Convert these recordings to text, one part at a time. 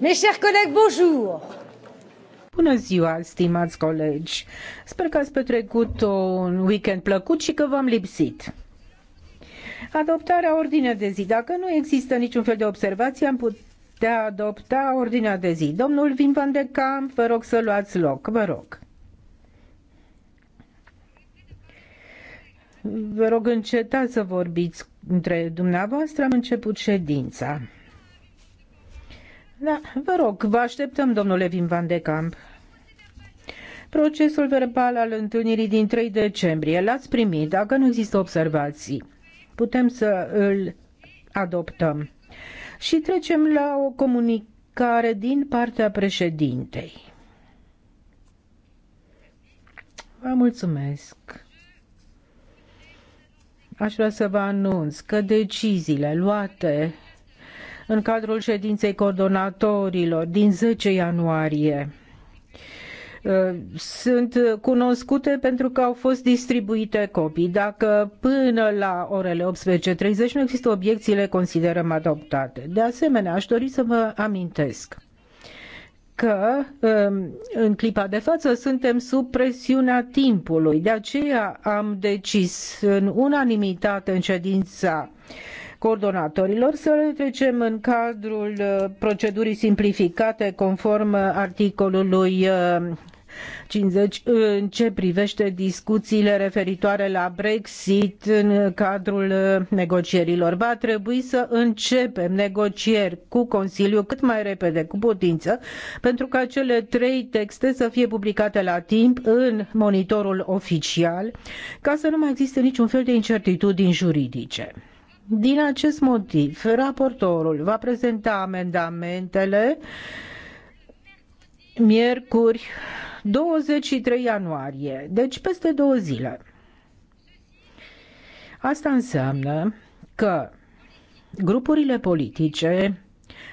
Mes chers collègues, bonjour. Bună ziua, stimați colegi! Sper că ați petrecut un weekend plăcut și că v-am lipsit. Adoptarea ordinea de zi. Dacă nu există niciun fel de observație, am putea adopta ordinea de zi. Domnul Vin Van de Camp, vă rog să luați loc, vă rog. Vă rog încetați să vorbiți între dumneavoastră, am început ședința. Da, vă rog, vă așteptăm, domnule Vim Van de Camp. Procesul verbal al întâlnirii din 3 decembrie l-ați primit. Dacă nu există observații, putem să îl adoptăm. Și trecem la o comunicare din partea președintei. Vă mulțumesc. Aș vrea să vă anunț că deciziile luate în cadrul ședinței coordonatorilor din 10 ianuarie uh, sunt cunoscute pentru că au fost distribuite copii. Dacă până la orele 18.30 nu există obiecții, le considerăm adoptate. De asemenea, aș dori să vă amintesc că um, în clipa de față suntem sub presiunea timpului. De aceea am decis în unanimitate în ședința coordonatorilor să le trecem în cadrul uh, procedurii simplificate conform uh, articolului 50 uh, în ce privește discuțiile referitoare la Brexit în cadrul negocierilor. Va trebui să începem negocieri cu Consiliul cât mai repede, cu putință, pentru ca cele trei texte să fie publicate la timp în monitorul oficial, ca să nu mai existe niciun fel de incertitudini juridice. Din acest motiv, raportorul va prezenta amendamentele miercuri 23 ianuarie, deci peste două zile. Asta înseamnă că grupurile politice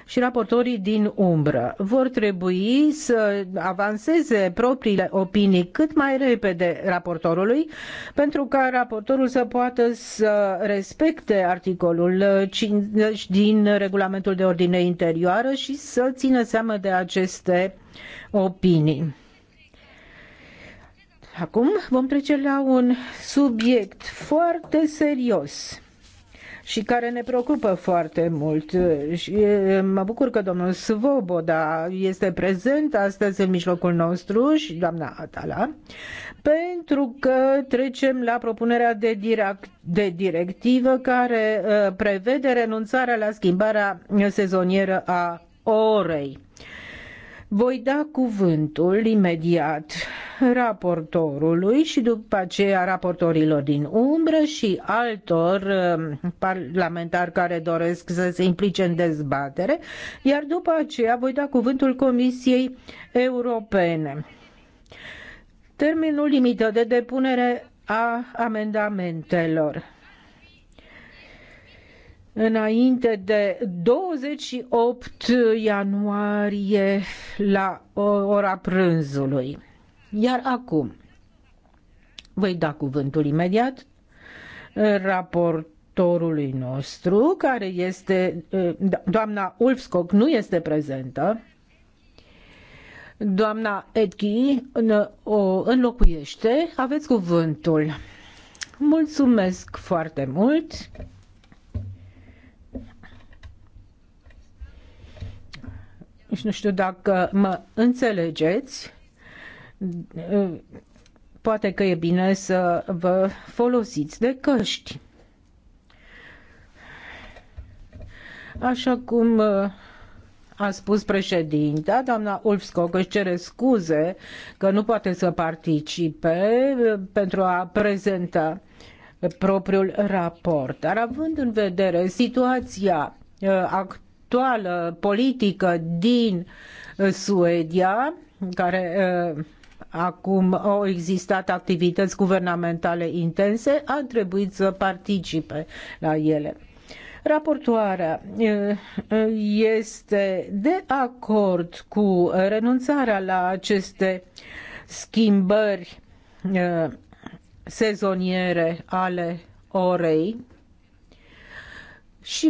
și raportorii din umbră vor trebui să avanseze propriile opinii cât mai repede raportorului, pentru ca raportorul să poată să respecte articolul 50 din regulamentul de ordine interioară și să țină seama de aceste opinii. Acum vom trece la un subiect foarte serios și care ne preocupă foarte mult. Și mă bucur că domnul Svoboda este prezent astăzi în mijlocul nostru și doamna Atala, pentru că trecem la propunerea de, direct, de directivă care uh, prevede renunțarea la schimbarea sezonieră a orei. Voi da cuvântul imediat raportorului și după aceea raportorilor din umbră și altor uh, parlamentari care doresc să se implice în dezbatere, iar după aceea voi da cuvântul Comisiei Europene. Termenul limită de depunere a amendamentelor înainte de 28 ianuarie la ora prânzului. Iar acum voi da cuvântul imediat raportorului nostru, care este, doamna Ulfscock, nu este prezentă, doamna Edghi o înlocuiește, aveți cuvântul. Mulțumesc foarte mult! Nici deci nu știu dacă mă înțelegeți. Poate că e bine să vă folosiți de căști. Așa cum uh, a spus președinta, doamna Ulfskog își cere scuze că nu poate să participe uh, pentru a prezenta propriul raport. Dar având în vedere situația uh, actuală, actuală politică din uh, Suedia, care uh, acum au existat activități guvernamentale intense, a trebuit să participe la ele. Raportoarea uh, este de acord cu renunțarea la aceste schimbări sezoniere ale orei și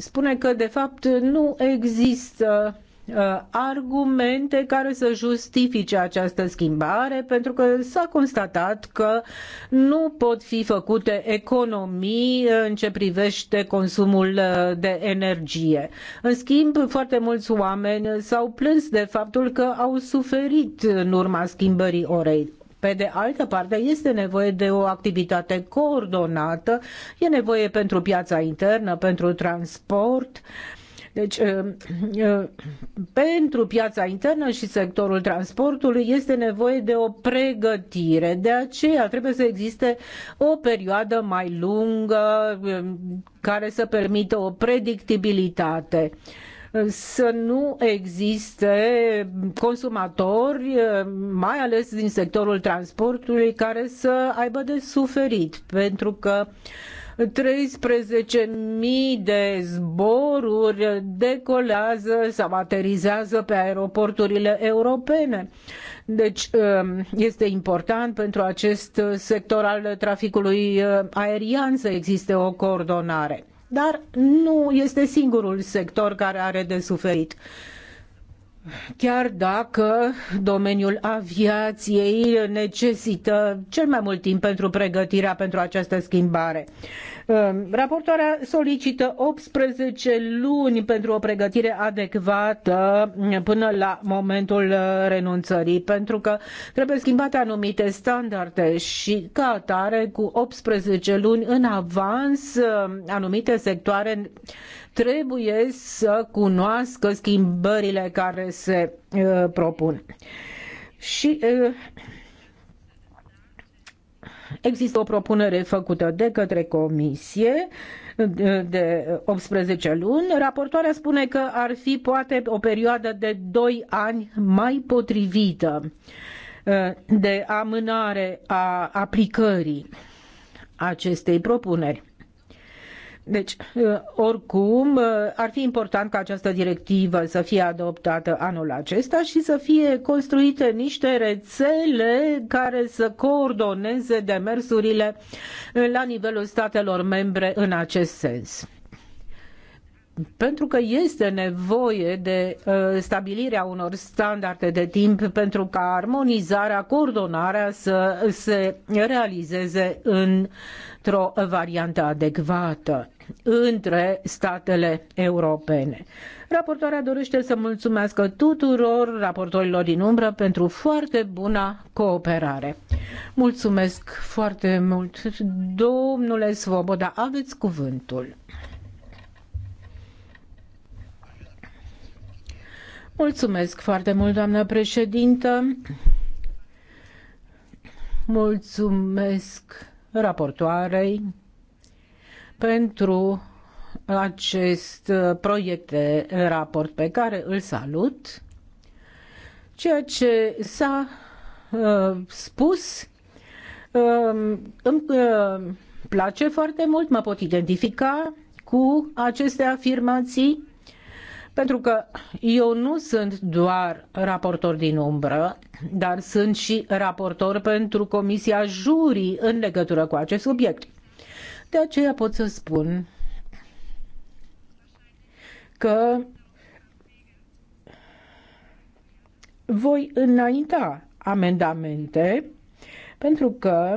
spune că de fapt nu există uh, argumente care să justifice această schimbare, pentru că s-a constatat că nu pot fi făcute economii uh, în ce privește consumul uh, de energie. În schimb, foarte mulți oameni s-au plâns de faptul că au suferit în urma schimbării orei. Pe de altă parte, este nevoie de o activitate coordonată, e nevoie pentru piața internă, pentru transport, deci, ă, ă, pentru piața internă și sectorul transportului este nevoie de o pregătire. De aceea trebuie să existe o perioadă mai lungă ă, care să permită o predictibilitate să nu existe consumatori, mai ales din sectorul transportului, care să aibă de suferit, pentru că 13.000 de zboruri decolează sau aterizează pe aeroporturile europene. Deci um, este important pentru acest sector al traficului uh, aerian să existe o coordonare dar nu este singurul sector care are de suferit chiar dacă domeniul aviației necesită cel mai mult timp pentru pregătirea pentru această schimbare. Uh, raportoarea solicită 18 luni pentru o pregătire adecvată până la momentul uh, renunțării, pentru că trebuie schimbate anumite standarde și ca atare cu 18 luni în avans uh, anumite sectoare trebuie să cunoască schimbările care se uh, propun. Și uh, Există o propunere făcută de către comisie uh, de 18 luni. Raportoarea spune că ar fi poate o perioadă de 2 ani mai potrivită uh, de amânare a aplicării acestei propuneri. Deci, uh, oricum, uh, ar fi important ca această directivă să fie adoptată anul acesta și să fie construite niște rețele care să coordoneze demersurile la nivelul statelor membre în acest sens pentru că este nevoie de uh, stabilirea unor standarde de timp pentru ca armonizarea, coordonarea să se realizeze într-o variantă adecvată între statele europene. Raportoarea dorește să mulțumească tuturor raportorilor din umbră pentru foarte bună cooperare. Mulțumesc foarte mult. Domnule Svoboda, aveți cuvântul. Mulțumesc foarte mult, doamnă președintă. Mulțumesc raportoarei pentru acest proiect de raport pe care îl salut. Ceea ce s-a uh, spus uh, îmi uh, place foarte mult, mă pot identifica cu aceste afirmații pentru că eu nu sunt doar raportor din umbră, dar sunt și raportor pentru Comisia Jurii în legătură cu acest subiect. De aceea pot să spun că voi înainta amendamente pentru că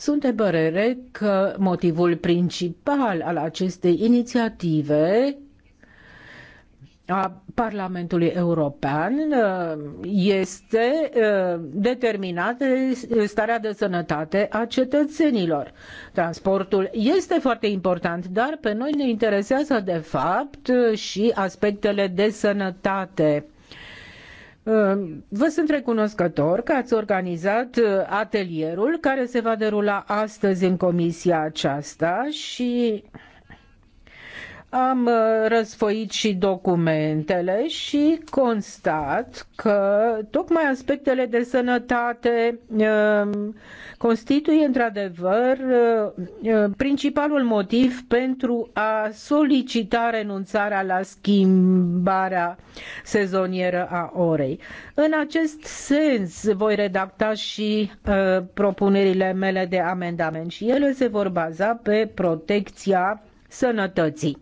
sunt de părere că motivul principal al acestei inițiative a Parlamentului European uh, este uh, de starea de sănătate a cetățenilor. Transportul este foarte important, dar pe noi ne interesează de fapt uh, și aspectele de sănătate Ehm, vă sunt recunoscător că ați organizat eh, atelierul care se va derula astăzi în comisia aceasta și am uh, răsfoit și documentele și constat că tocmai aspectele de sănătate uh, constituie într-adevăr uh, principalul motiv pentru a solicita renunțarea la schimbarea sezonieră a orei. În acest sens voi redacta și propunerile mele de amendament și ele se vor baza pe protecția sănătății.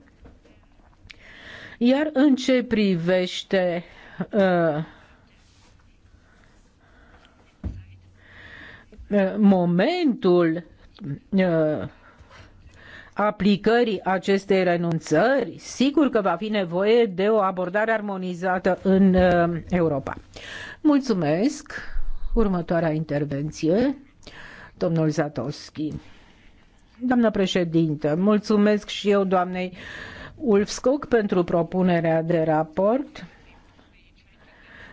Iar în ce privește uh, uh, momentul uh, aplicării acestei renunțări, sigur că va fi nevoie de o abordare armonizată în uh, Europa. Mulțumesc. Următoarea intervenție, domnul Zatoschi. Doamnă președintă, mulțumesc și eu doamnei Ulfskog pentru propunerea de raport.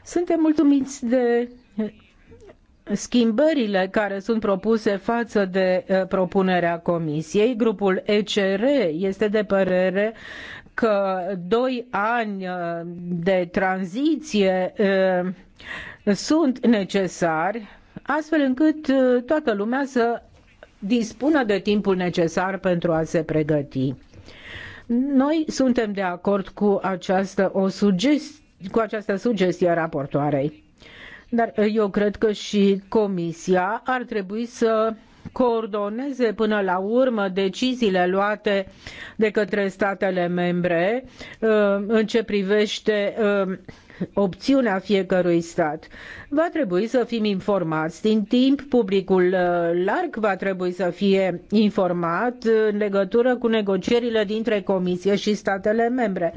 Suntem mulțumiți de schimbările care sunt propuse față de eh, propunerea Comisiei. Grupul ECR este de părere că doi ani eh, de tranziție eh, sunt necesari astfel încât toată lumea să dispună de timpul necesar pentru a se pregăti. Noi suntem de acord cu această, o sugest- cu această sugestie a raportoarei. Dar eu cred că și Comisia ar trebui să coordoneze până la urmă deciziile luate de către statele membre uh, în ce privește uh, opțiunea fiecărui stat. Va trebui să fim informați din timp, publicul uh, larg va trebui să fie informat în legătură cu negocierile dintre Comisie și statele membre.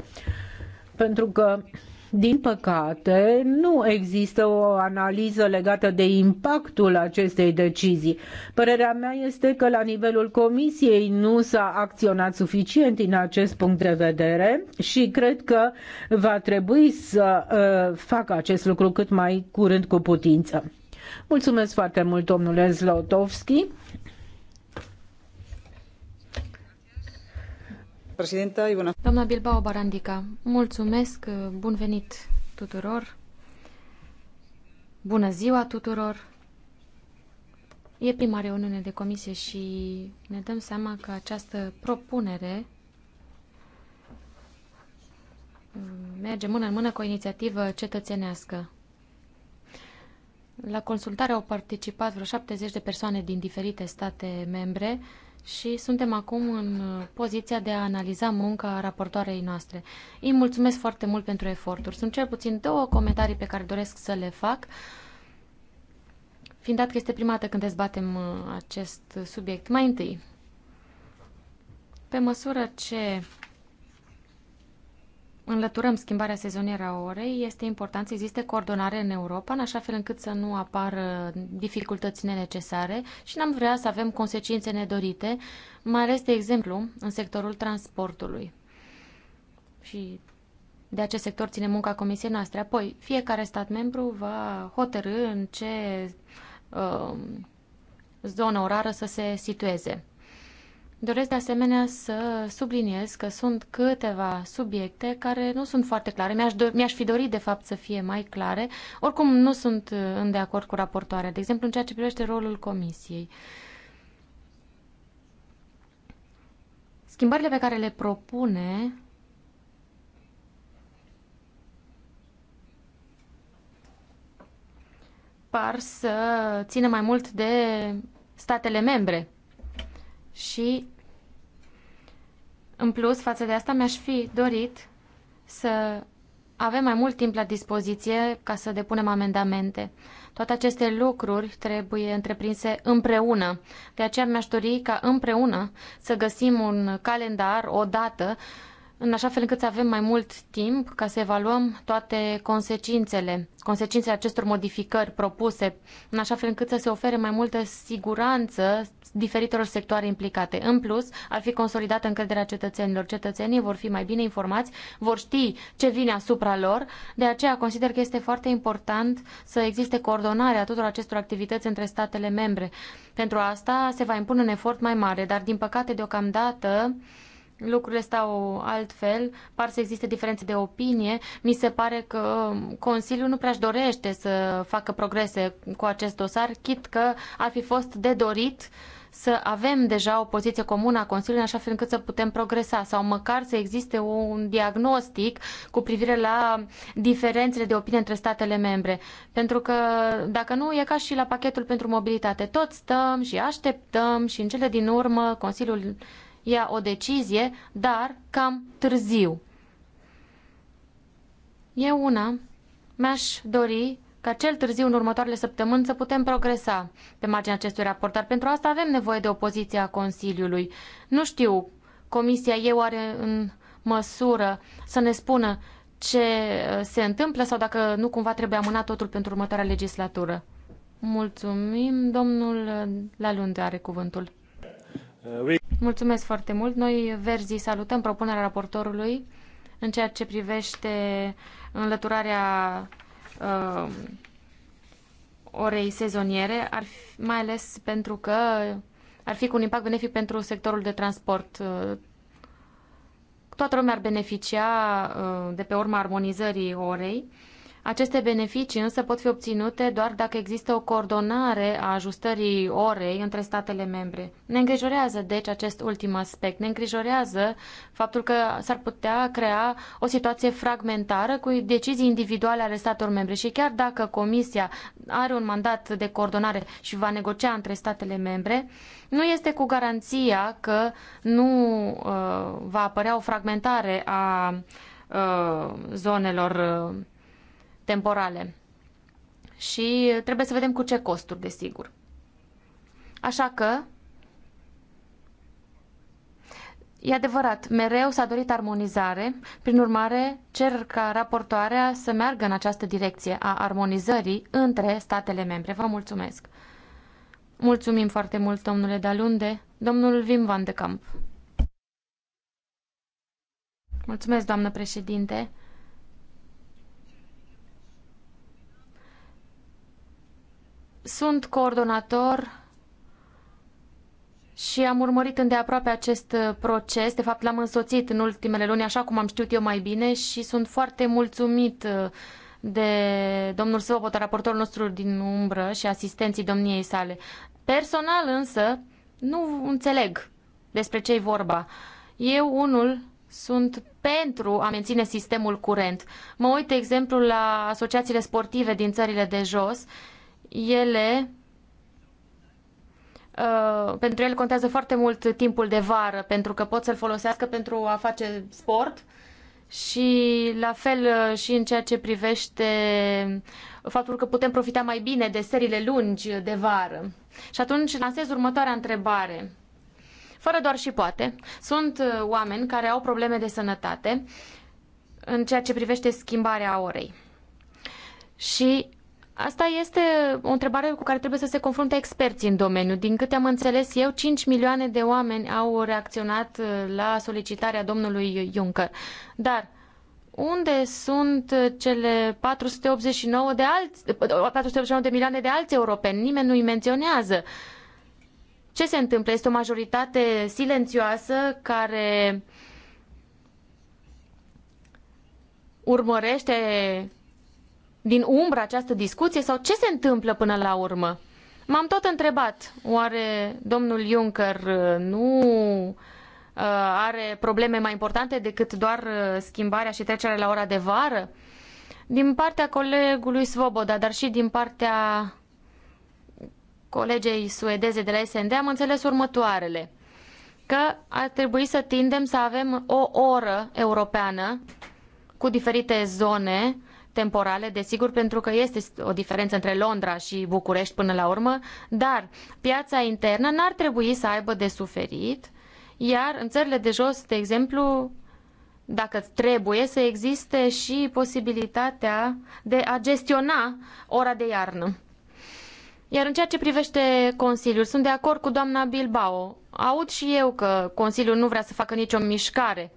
Pentru că din păcate, nu există o analiză legată de impactul acestei decizii. Părerea mea este că la nivelul Comisiei nu s-a acționat suficient din acest punct de vedere și cred că va trebui să uh, facă acest lucru cât mai curând cu putință. Mulțumesc foarte mult, domnule Zlotovski. președintă. Doamna Bilbao Barandica, mulțumesc, bun venit tuturor. Bună ziua tuturor. E prima reuniune de comisie și ne dăm seama că această propunere mm, merge mână în mână cu o inițiativă cetățenească. La consultare au participat vreo 70 de persoane din diferite state membre, și suntem acum în uh, poziția de a analiza munca raportoarei noastre. Îi mulțumesc foarte mult pentru eforturi. Sunt cel puțin două comentarii pe care doresc să le fac, fiind dat că este prima dată când dezbatem uh, acest subiect. Mai întâi, pe măsură ce înlăturăm schimbarea sezonieră a orei, este important să existe coordonare în Europa, în așa fel încât să nu apară dificultăți nenecesare și n-am vrea să avem consecințe nedorite, mai ales, de exemplu, în sectorul transportului. Și de acest sector ține munca comisiei noastre. Apoi, fiecare stat membru va hotărâ în ce uh, zonă orară să se situeze. Doresc de asemenea să subliniez că sunt câteva subiecte care nu sunt foarte clare. Mi-aș, do- mi fi dorit, de fapt, să fie mai clare. Oricum, nu sunt uh, în de acord cu raportoarea, de exemplu, în ceea ce privește rolul comisiei. Schimbările pe care le propune par să țină mai mult de statele membre și, în plus, față de asta, mi-aș fi dorit să avem mai mult timp la dispoziție ca să depunem amendamente. Toate aceste lucruri trebuie întreprinse împreună. De aceea mi-aș dori ca împreună să găsim un calendar, o dată, uh, în așa fel încât să avem mai mult timp ca să evaluăm toate consecințele, consecințele acestor modificări propuse, în așa fel încât să se ofere mai multă siguranță diferitelor sectoare implicate. În plus, ar fi consolidată încrederea cetățenilor. Cetățenii vor fi mai bine informați, vor ști ce vine asupra lor, de aceea consider că este foarte important să existe coordonarea tuturor acestor activități între statele membre. Pentru asta se va impune un efort mai mare, dar din păcate deocamdată lucrurile stau altfel, par să existe diferențe de opinie. Mi se pare că Consiliul nu prea-și dorește să facă progrese cu acest dosar, chit că ar fi fost de dorit să avem deja o poziție comună a Consiliului, așa fel încât să putem progresa sau măcar să existe un diagnostic cu privire la diferențele de opinie între statele membre. Pentru că dacă nu, e ca și la pachetul pentru mobilitate. Tot stăm și așteptăm și în cele din urmă Consiliul ia o decizie, dar cam târziu. E una mi-aș dori ca cel târziu în următoarele săptămâni să putem progresa pe marginea acestui raport, dar pentru asta avem nevoie de opoziția Consiliului. Nu știu, Comisia eu are în măsură să ne spună ce uh, se întâmplă sau dacă nu cumva trebuie amânat totul pentru următoarea legislatură. Mulțumim, domnul uh, Lalunde are cuvântul. Uh, we... Mulțumesc foarte mult. Noi, Verzi, salutăm propunerea raportorului în ceea ce privește înlăturarea uh, orei sezoniere, ar fi, mai ales pentru că ar fi cu un impact benefic pentru sectorul de transport. Uh, toată lumea ar beneficia uh, de pe urma armonizării orei. Aceste beneficii însă pot fi obținute doar dacă există o coordonare a ajustării orei între statele membre. Ne îngrijorează, deci, acest ultim aspect. Ne îngrijorează faptul că s-ar putea crea o situație fragmentară cu decizii individuale ale statelor membre și chiar dacă Comisia are un mandat de coordonare și va negocia între statele membre, nu este cu garanția că nu uh, va apărea o fragmentare a uh, zonelor uh, temporale. Și trebuie să vedem cu ce costuri, desigur. Așa că, E adevărat, mereu s-a dorit armonizare, prin urmare cer ca raportoarea să meargă în această direcție a armonizării între statele membre. Vă mulțumesc! Mulțumim foarte mult, domnule Dalunde, domnul Vim Van de Camp. Mulțumesc, doamnă președinte! Sunt coordonator și am urmărit îndeaproape acest uh, proces. De fapt, l-am însoțit în ultimele luni, așa cum am știut eu mai bine și sunt foarte mulțumit uh, de domnul Săvopota, raportorul nostru din umbră și asistenții domniei sale. Personal însă, nu înțeleg despre ce-i vorba. Eu, unul, sunt pentru a menține sistemul curent. Mă uit, de exemplu, la asociațiile sportive din țările de jos ele Uh, pentru el contează foarte mult timpul de vară, pentru că pot să-l folosească pentru a face sport și la fel uh, și în ceea ce privește faptul că putem profita mai bine de serile lungi de vară. Și atunci lansez următoarea întrebare. Fără doar și poate, sunt uh, oameni care au probleme de sănătate în ceea ce privește schimbarea orei. Și Asta este o întrebare cu care trebuie să se confrunte experții în domeniu. Din câte am înțeles eu, 5 milioane de oameni au reacționat uh, la solicitarea domnului Juncker. Dar unde sunt uh, cele 489 de, alți, 489 uh, de milioane de alți europeni? Nimeni nu îi menționează. Ce se întâmplă? Este o majoritate silențioasă care urmărește din umbră această discuție sau ce se întâmplă până la urmă? M-am tot întrebat, oare domnul Juncker uh, nu uh, are probleme mai importante decât doar uh, schimbarea și trecerea la ora de vară? Din partea colegului Svoboda, dar și din partea colegei suedeze de la SND, am înțeles următoarele. Că ar trebui să tindem să avem o oră europeană cu diferite zone temporale, desigur, pentru că este o diferență între Londra și București până la urmă, dar piața internă n-ar trebui să aibă de suferit, iar în țările de jos, de exemplu, dacă trebuie să existe și posibilitatea de a gestiona ora de iarnă. Iar în ceea ce privește Consiliul, sunt de acord cu doamna Bilbao. Aud și eu că Consiliul nu vrea să facă nicio mișcare.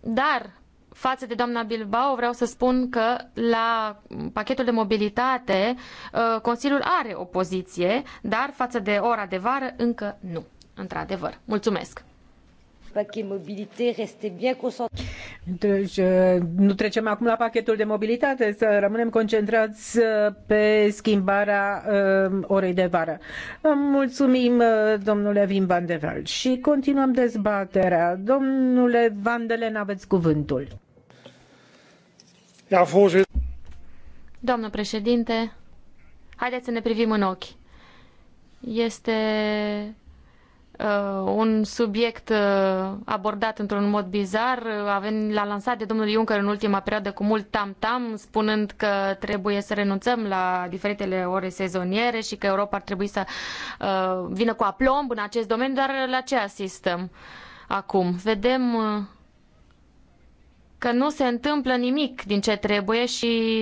Dar față de doamna Bilbao, vreau să spun că la pachetul de mobilitate uh, Consiliul are o poziție, dar față de ora de vară încă nu, într-adevăr. Mulțumesc! Pachet mobilitate, restez bien concentrés. Deci, uh, nu trecem acum la pachetul de mobilitate, să rămânem concentrați uh, pe schimbarea uh, orei de vară. Mulțumim, uh, domnule Vim Van de Vel. Și continuăm dezbaterea. Domnule Van de Len, aveți cuvântul. Doamnă președinte, haideți să ne privim în ochi. Este Uh, un subiect uh, abordat într-un mod bizar. Uh, avem, l-a lansat de domnul Juncker în ultima perioadă cu mult tam-tam, spunând că trebuie să renunțăm la diferitele ore sezoniere și că Europa ar trebui să vină cu aplomb în acest domeniu, dar la ce asistăm acum? Vedem că nu se întâmplă nimic din ce trebuie și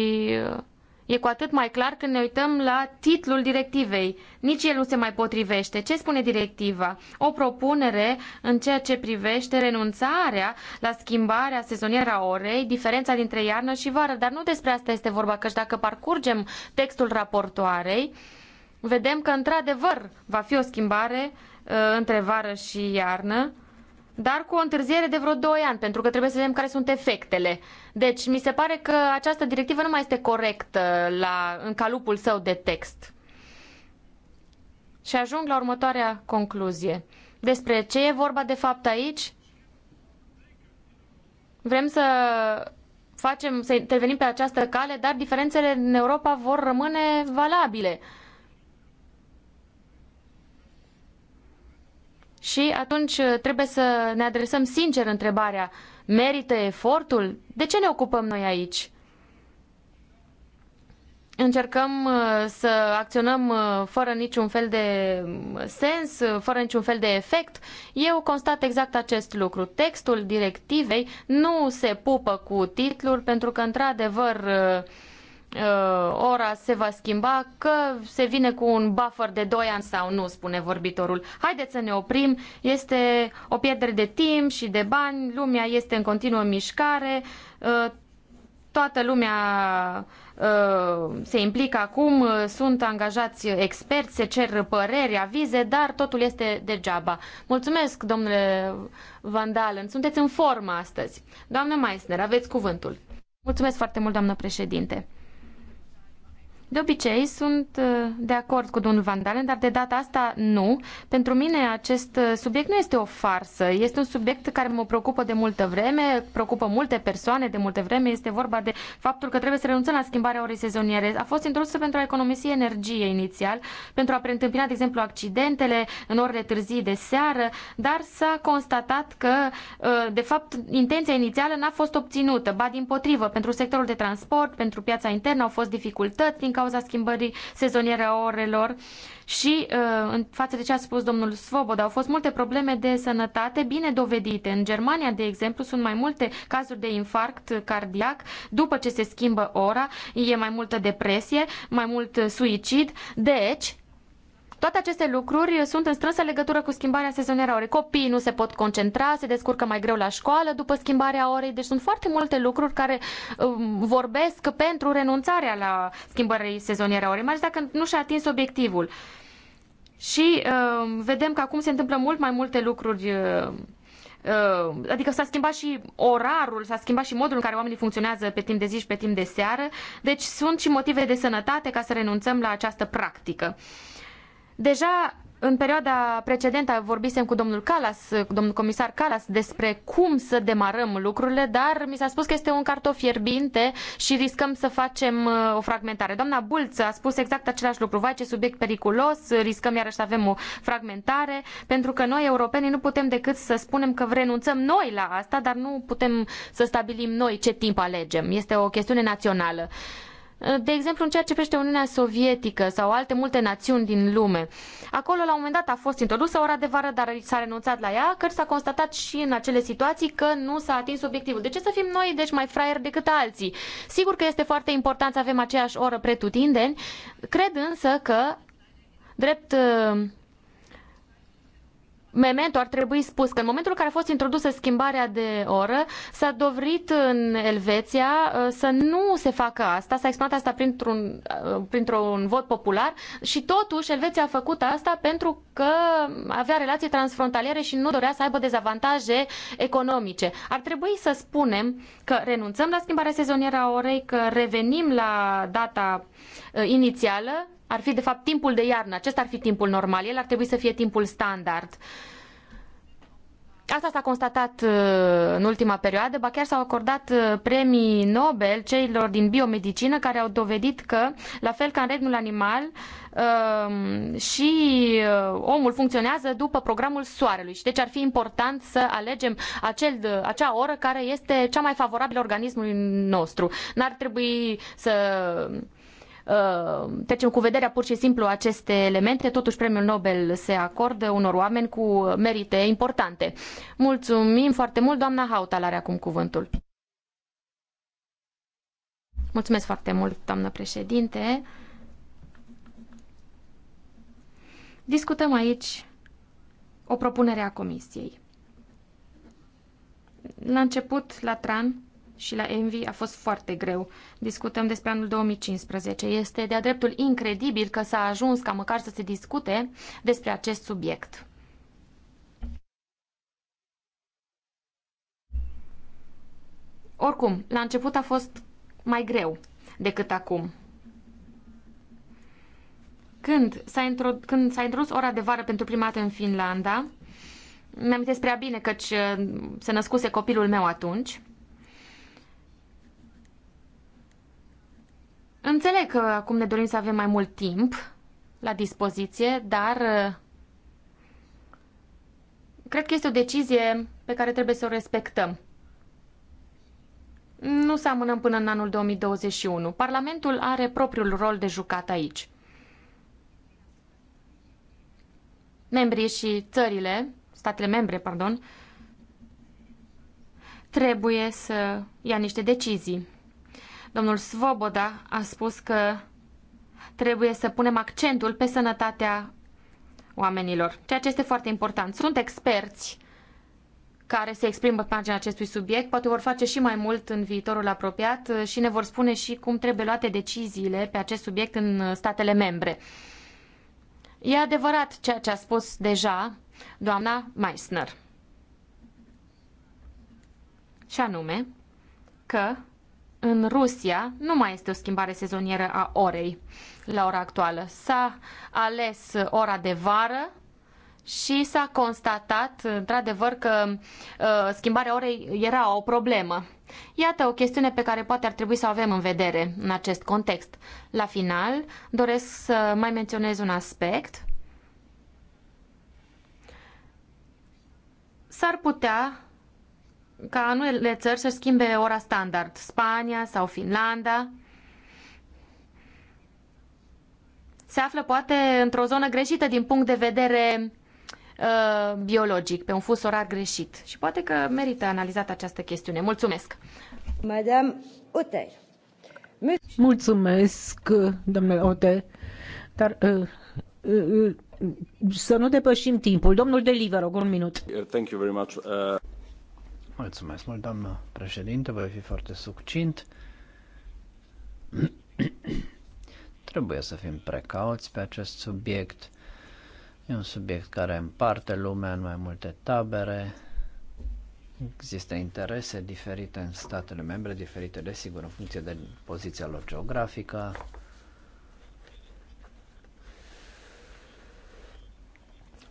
E cu atât mai clar când ne uităm la titlul directivei. Nici el nu se mai potrivește. Ce spune directiva? O propunere în ceea ce privește renunțarea la schimbarea sezonieră a orei, diferența dintre iarnă și vară. Dar nu despre asta este vorba, căci dacă parcurgem textul raportoarei, vedem că într-adevăr va fi o schimbare uh, între vară și iarnă dar cu o întârziere de vreo 2 ani, pentru că trebuie să vedem care sunt efectele. Deci, mi se pare că această directivă nu mai este corectă la, în calupul său de text. Și ajung la următoarea concluzie. Despre ce e vorba de fapt aici? Vrem să facem, să intervenim pe această cale, dar diferențele în Europa vor rămâne valabile. Și atunci uh, trebuie să ne adresăm sincer întrebarea, merită efortul? De ce ne ocupăm noi aici? Încercăm uh, să acționăm uh, fără niciun fel de sens, fără niciun fel de efect. Eu constat exact acest lucru. Textul directivei nu se pupă cu titlul pentru că, într-adevăr, Uh, ora se va schimba, că se vine cu un buffer de 2 ani sau nu, spune vorbitorul. Haideți să ne oprim, este o pierdere de timp și de bani, lumea este în continuă mișcare, uh, toată lumea uh, se implică acum, sunt angajați experți, se cer păreri, avize, dar totul este degeaba. Mulțumesc, domnule Van Dalen, sunteți în formă astăzi. Doamnă Meissner, aveți cuvântul. Mulțumesc foarte mult, doamnă președinte. De obicei sunt uh, de acord cu domnul Van Dalen, dar de data asta nu. Pentru mine acest uh, subiect nu este o farsă, este un subiect care mă preocupă de multă vreme, preocupă multe persoane de multă vreme. Este vorba de faptul că trebuie să renunțăm la schimbarea orei sezoniere. A fost introdusă pentru a economisi energie inițial, pentru a preîntâmpina, de exemplu, accidentele în orele târzii de seară, dar s-a constatat că, uh, de fapt, intenția inițială n-a fost obținută. Ba din potrivă, pentru sectorul de transport, pentru piața internă au fost dificultăți din cauza schimbării sezoniere a orelor. Și uh, în față de ce a spus domnul Svoboda, au fost multe probleme de sănătate bine dovedite. În Germania, de exemplu, sunt mai multe cazuri de infarct cardiac după ce se schimbă ora, e mai multă depresie, mai mult suicid. Deci, toate aceste lucruri sunt în strânsă legătură cu schimbarea sezonieră a orei. Copiii nu se pot concentra, se descurcă mai greu la școală după schimbarea orei, deci sunt foarte multe lucruri care uh, vorbesc pentru renunțarea la schimbarea sezonieră a orei, mai ales dacă nu și-a atins obiectivul. Și uh, vedem că acum se întâmplă mult mai multe lucruri. Uh, Adică s-a schimbat și orarul, s-a schimbat și modul în care oamenii funcționează pe timp de zi și pe timp de seară. Deci sunt și motive de sănătate ca să renunțăm la această practică. Deja în perioada precedentă vorbisem cu domnul Calas, cu domnul comisar Calas, despre cum să demarăm lucrurile, dar mi s-a spus că este un cartof fierbinte și riscăm să facem uh, o fragmentare. Doamna Bulță a spus exact același lucru. Vai, ce subiect periculos, riscăm iarăși să avem o fragmentare, pentru că noi, europenii, nu putem decât să spunem că renunțăm noi la asta, dar nu putem să stabilim noi ce timp alegem. Este o chestiune națională. Uh, de exemplu, în ceea ce privește Uniunea Sovietică sau alte multe națiuni din lume. Acolo, la un moment dat, a fost introdusă ora de vară, dar s-a renunțat la ea, că s-a constatat și în acele situații că nu s-a atins obiectivul. De ce să fim noi, deci, mai fraieri decât alții? Sigur că este foarte important să avem aceeași oră pretutindeni, cred însă că, drept Memento ar trebui spus că în momentul în care a fost introdusă schimbarea de oră, s-a dovrit în Elveția uh, să nu se facă asta, s-a exprimat asta printr-un, uh, printr-un vot popular și totuși Elveția a făcut asta pentru că avea relații transfrontaliere și nu dorea să aibă dezavantaje economice. Ar trebui să spunem că renunțăm la schimbarea sezonieră a orei, că revenim la data uh, inițială ar fi de fapt timpul de iarnă, acesta ar fi timpul normal, el ar trebui să fie timpul standard. Asta s-a constatat uh, în ultima perioadă, ba chiar s-au acordat uh, premii Nobel celor din biomedicină care au dovedit că, la fel ca în regnul animal, uh, și omul funcționează după programul soarelui și deci ar fi important să alegem acel, acea oră care este cea mai favorabilă organismului nostru. N-ar trebui să Uh, trecem cu vederea pur și simplu aceste elemente, totuși premiul Nobel se acordă unor oameni cu merite importante. Mulțumim foarte mult, doamna Hautal are acum cuvântul. Mulțumesc foarte mult, doamnă președinte. Discutăm aici o propunere a Comisiei. La început, la TRAN, și la Envy a fost foarte greu. Discutăm despre anul 2015. Este de-a dreptul incredibil că s-a ajuns ca măcar să se discute despre acest subiect. Oricum, la început a fost mai greu decât acum. Când s-a, introdus, când s-a introdus ora de vară pentru prima dată în Finlanda, mi-am prea bine căci se născuse copilul meu atunci, Înțeleg că acum ne dorim să avem mai mult timp la dispoziție, dar uh, cred că este o decizie pe care trebuie să o respectăm. Nu să amânăm până în anul 2021. Parlamentul are propriul rol de jucat aici. Membrii și țările, statele membre, pardon, trebuie să ia niște decizii. Domnul Svoboda a spus că trebuie să punem accentul pe sănătatea oamenilor, ceea ce este foarte important. Sunt experți care se exprimă pe marginea acestui subiect, poate vor face și mai mult în viitorul apropiat și ne vor spune și cum trebuie luate deciziile pe acest subiect în statele membre. E adevărat ceea ce a spus deja doamna Meissner. Și anume că în Rusia nu mai este o schimbare sezonieră a orei la ora actuală. S-a ales ora de vară și s-a constatat, într-adevăr, că uh, schimbarea orei era o problemă. Iată o chestiune pe care poate ar trebui să o avem în vedere în acest context. La final, doresc să mai menționez un aspect. S-ar putea ca anuele țări să schimbe ora standard, Spania sau Finlanda. Se află poate într-o zonă greșită din punct de vedere uh, biologic, pe un fus orar greșit. Și poate că merită analizată această chestiune. Mulțumesc! Madame Otel. Mulțumesc, domnule Ote, Dar uh, uh, uh, să nu depășim timpul. Domnul Deliver, un minut. Thank you very much. Uh... Mulțumesc mult, doamnă președinte, voi fi foarte succint. Trebuie să fim precauți pe acest subiect. E un subiect care împarte lumea în mai multe tabere. Există interese diferite în statele membre, diferite, desigur, în funcție de poziția lor geografică.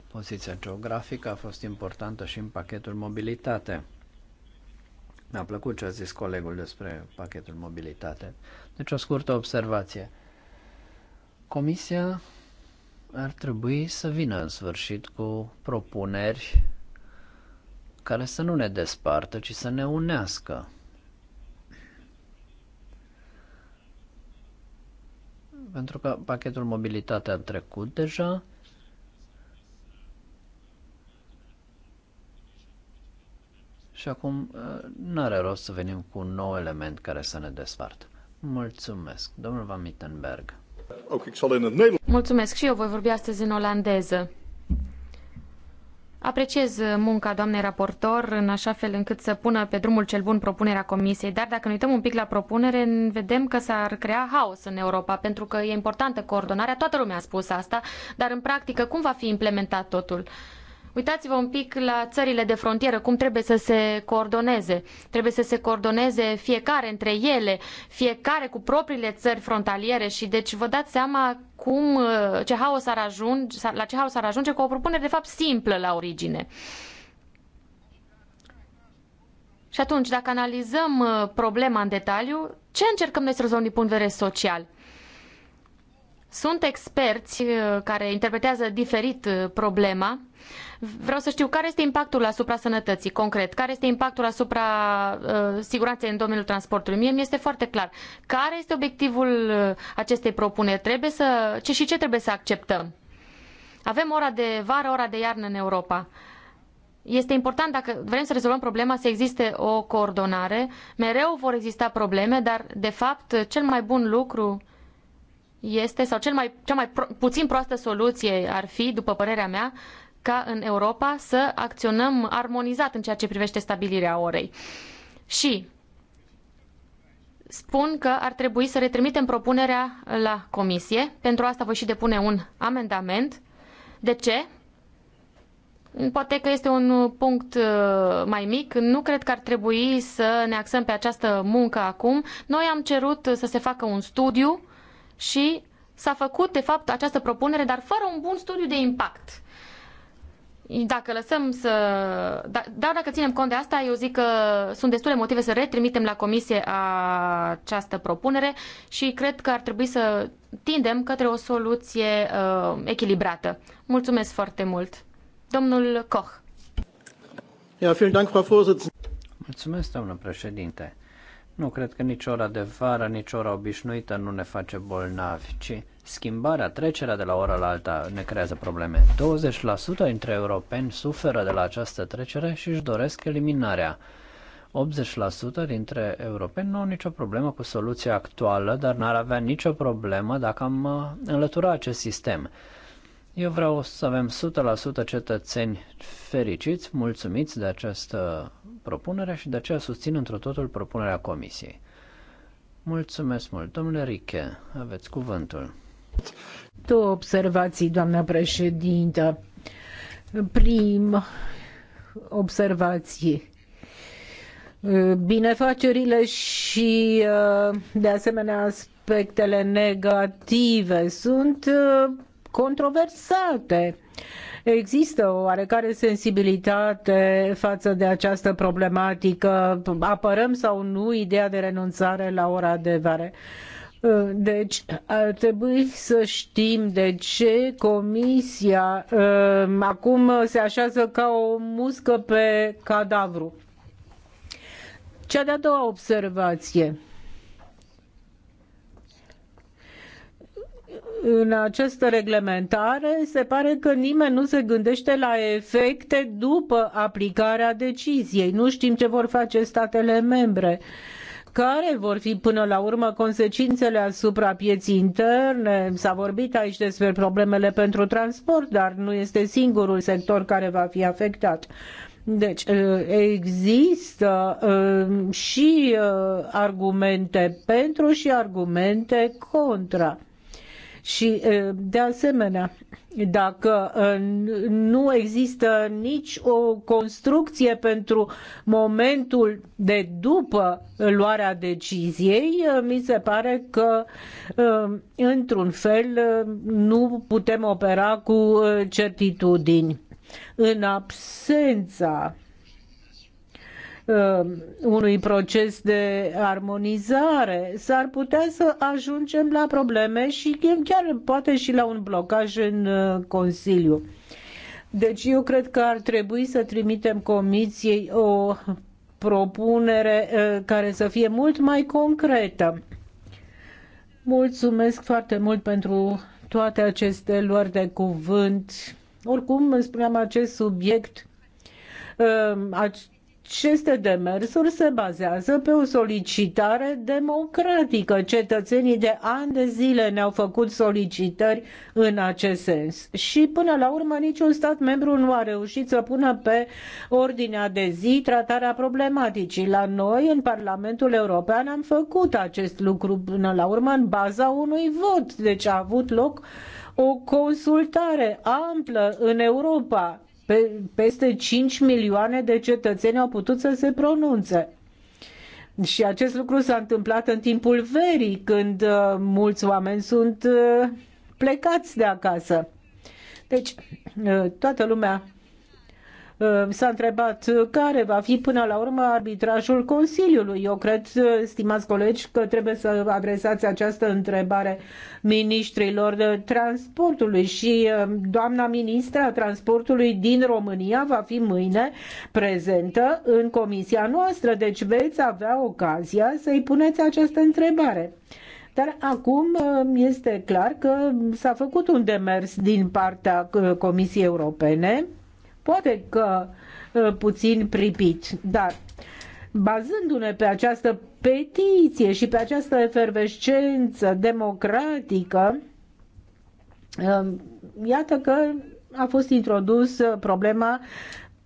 Poziția geografică a fost importantă și în pachetul mobilitate. Mi-a plăcut ce a zis colegul despre pachetul mobilitate. Deci o scurtă observație. Comisia ar trebui să vină în sfârșit cu propuneri care să nu ne despartă, ci să ne unească. Pentru că pachetul mobilitate a trecut deja, Și acum uh, nu are rost să venim cu un nou element care să ne despartă. Mulțumesc, domnul Van Mittenberg. Mulțumesc și eu voi vorbi astăzi în olandeză. Apreciez uh, munca doamnei raportor în așa fel încât să pună pe drumul cel bun propunerea comisiei, dar dacă ne uităm un pic la propunere, vedem că s-ar crea haos în Europa, pentru că e importantă coordonarea, toată lumea a spus asta, dar în practică cum va fi implementat totul? Uh, Uitați-vă un pic la țările de frontieră, cum trebuie să se coordoneze. Trebuie să se coordoneze fiecare între ele, fiecare cu propriile țări frontaliere și deci vă dați seama cum, uh, ce haos ar ajunge, la ce haos ar ajunge cu o propunere de fapt simplă la origine. Și atunci, dacă analizăm uh, problema în detaliu, ce încercăm noi să rezolvăm din punct de vedere social? Sunt experți uh, care interpretează diferit problema Vreau să știu care este impactul asupra sănătății, concret, care este impactul asupra uh, siguranței în domeniul transportului. Mie mi este foarte clar. Care este obiectivul uh, acestei propuneri? Trebuie să, ce și ce trebuie să acceptăm? Avem ora de vară, ora de iarnă în Europa. Este important, dacă vrem să rezolvăm problema, să existe o coordonare. Mereu vor exista probleme, dar, de fapt, cel mai bun lucru este, sau cel mai, cea mai pro, puțin proastă soluție ar fi, după părerea mea, ca în Europa să acționăm armonizat în ceea ce privește stabilirea orei. Și spun că ar trebui să retrimitem propunerea la comisie. Pentru asta voi și depune un amendament. De ce? Poate că este un punct uh, mai mic. Nu cred că ar trebui să ne axăm pe această muncă acum. Noi am cerut să se facă un studiu și s-a făcut, de fapt, această propunere, dar fără un bun studiu de impact. Dacă lăsăm să... dar da, dacă ținem cont de asta, eu zic că sunt destule motive să retrimitem la comisie această propunere și cred că ar trebui să tindem către o soluție uh, echilibrată. Mulțumesc foarte mult. Domnul Koch. Ja, vielen Dank, Frau Vorsitzende. Mulțumesc, domnule președinte. Nu cred că nici ora de vară, nici ora obișnuită nu ne face bolnavi, ci schimbarea, trecerea de la o oră la alta ne creează probleme. 20% dintre europeni suferă de la această trecere și își doresc eliminarea. 80% dintre europeni nu au nicio problemă cu soluția actuală, dar n-ar avea nicio problemă dacă am uh, înlătura acest sistem. Eu vreau să avem 100% cetățeni fericiți, mulțumiți de această propunere și de aceea susțin într totul propunerea Comisiei. Mulțumesc mult, domnule Riche, aveți cuvântul. Două observații, doamna președintă. Prim, observație. Binefacerile și, uh, de asemenea, aspectele negative sunt uh, controversate. Există o oarecare sensibilitate față de această problematică. Apărăm sau nu ideea de renunțare la ora de vară? Uh, deci ar trebui să știm de ce comisia uh, acum se așează ca o muscă pe cadavru. Cea de-a doua observație. în această reglementare se pare că nimeni nu se gândește la efecte după aplicarea deciziei. Nu știm ce vor face statele membre. Uh, care vor fi până la urmă consecințele asupra pieții interne. S-a vorbit aici despre problemele pentru transport, dar nu este singurul sector care va fi afectat. Deci uh, există uh, și uh, argumente pentru și argumente contra. Și, de asemenea, dacă nu există nici o construcție pentru momentul de după luarea deciziei, mi se pare că, într-un fel, nu putem opera cu certitudini. În absența Uh, unui proces de armonizare, s-ar putea să ajungem la probleme și chiar poate și la un blocaj în uh, Consiliu. Deci eu cred că ar trebui să trimitem comisiei o propunere uh, care să fie mult mai concretă. Mulțumesc foarte mult pentru toate aceste luări de cuvânt. Oricum, spuneam acest subiect aceste demersuri se bazează pe o solicitare democratică. Cetățenii de ani de zile ne-au făcut solicitări în acest sens și până la urmă niciun stat membru nu a reușit să pună pe ordinea de zi tratarea problematicii. La noi, în Parlamentul European, am făcut acest lucru până la urmă în baza unui vot, deci a avut loc o consultare amplă în Europa pe, peste 5 milioane de cetățeni au putut să se pronunțe. Și acest lucru s-a întâmplat în timpul verii, când uh, mulți oameni sunt uh, plecați de acasă. Deci, uh, toată lumea Uh, s-a întrebat uh, care va fi până la urmă arbitrajul Consiliului. Eu cred, uh, stimați colegi, că trebuie să adresați această întrebare ministrilor de transportului și doamna ministra transportului din România va fi mâine prezentă în comisia noastră, deci veți avea ocazia să-i puneți această întrebare. Dar acum este clar că s-a făcut un demers din partea Comisiei Europene poate că ă, puțin pripit, dar bazându-ne pe această petiție și pe această efervescență democratică, ă, iată că a fost introdus problema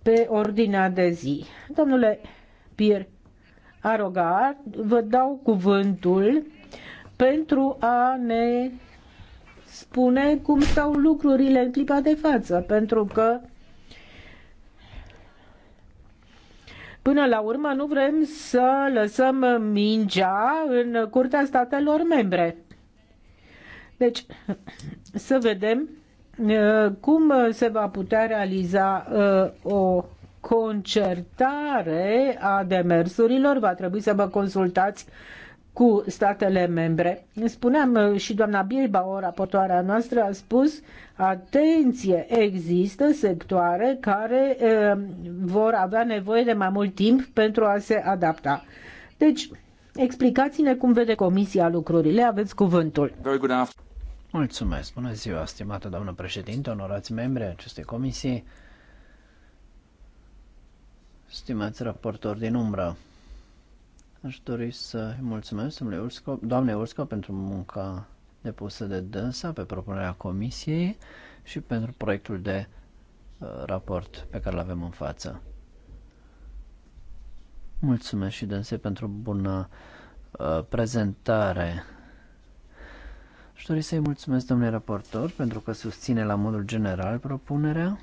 pe ordinea de zi. Domnule Pierre Arogar, vă dau cuvântul pentru a ne spune cum stau lucrurile în clipa de față, pentru că Până la urmă nu vrem să lăsăm mingea în curtea statelor membre. Deci, să vedem uh, cum se va putea realiza uh, o concertare a demersurilor. Va trebui să vă consultați cu statele membre. Spuneam uh, și doamna Bilbao, raportoarea noastră, a spus, atenție, există sectoare care e, uh, vor avea nevoie de mai mult timp pentru a se adapta. Deci, explicați-ne cum vede Comisia lucrurile, aveți cuvântul. Mulțumesc, bună ziua, stimată doamnă președinte, onorați membri acestei comisii, stimați raportori din umbră. Aș dori să mulțumesc domnule Ursco, doamne Ursco pentru munca depusă de dânsa pe propunerea comisiei și pentru proiectul de uh, raport pe care îl avem în față. Mulțumesc și dânsei pentru bună uh, prezentare. Aș dori să-i mulțumesc domnule raportor pentru că susține la modul general propunerea.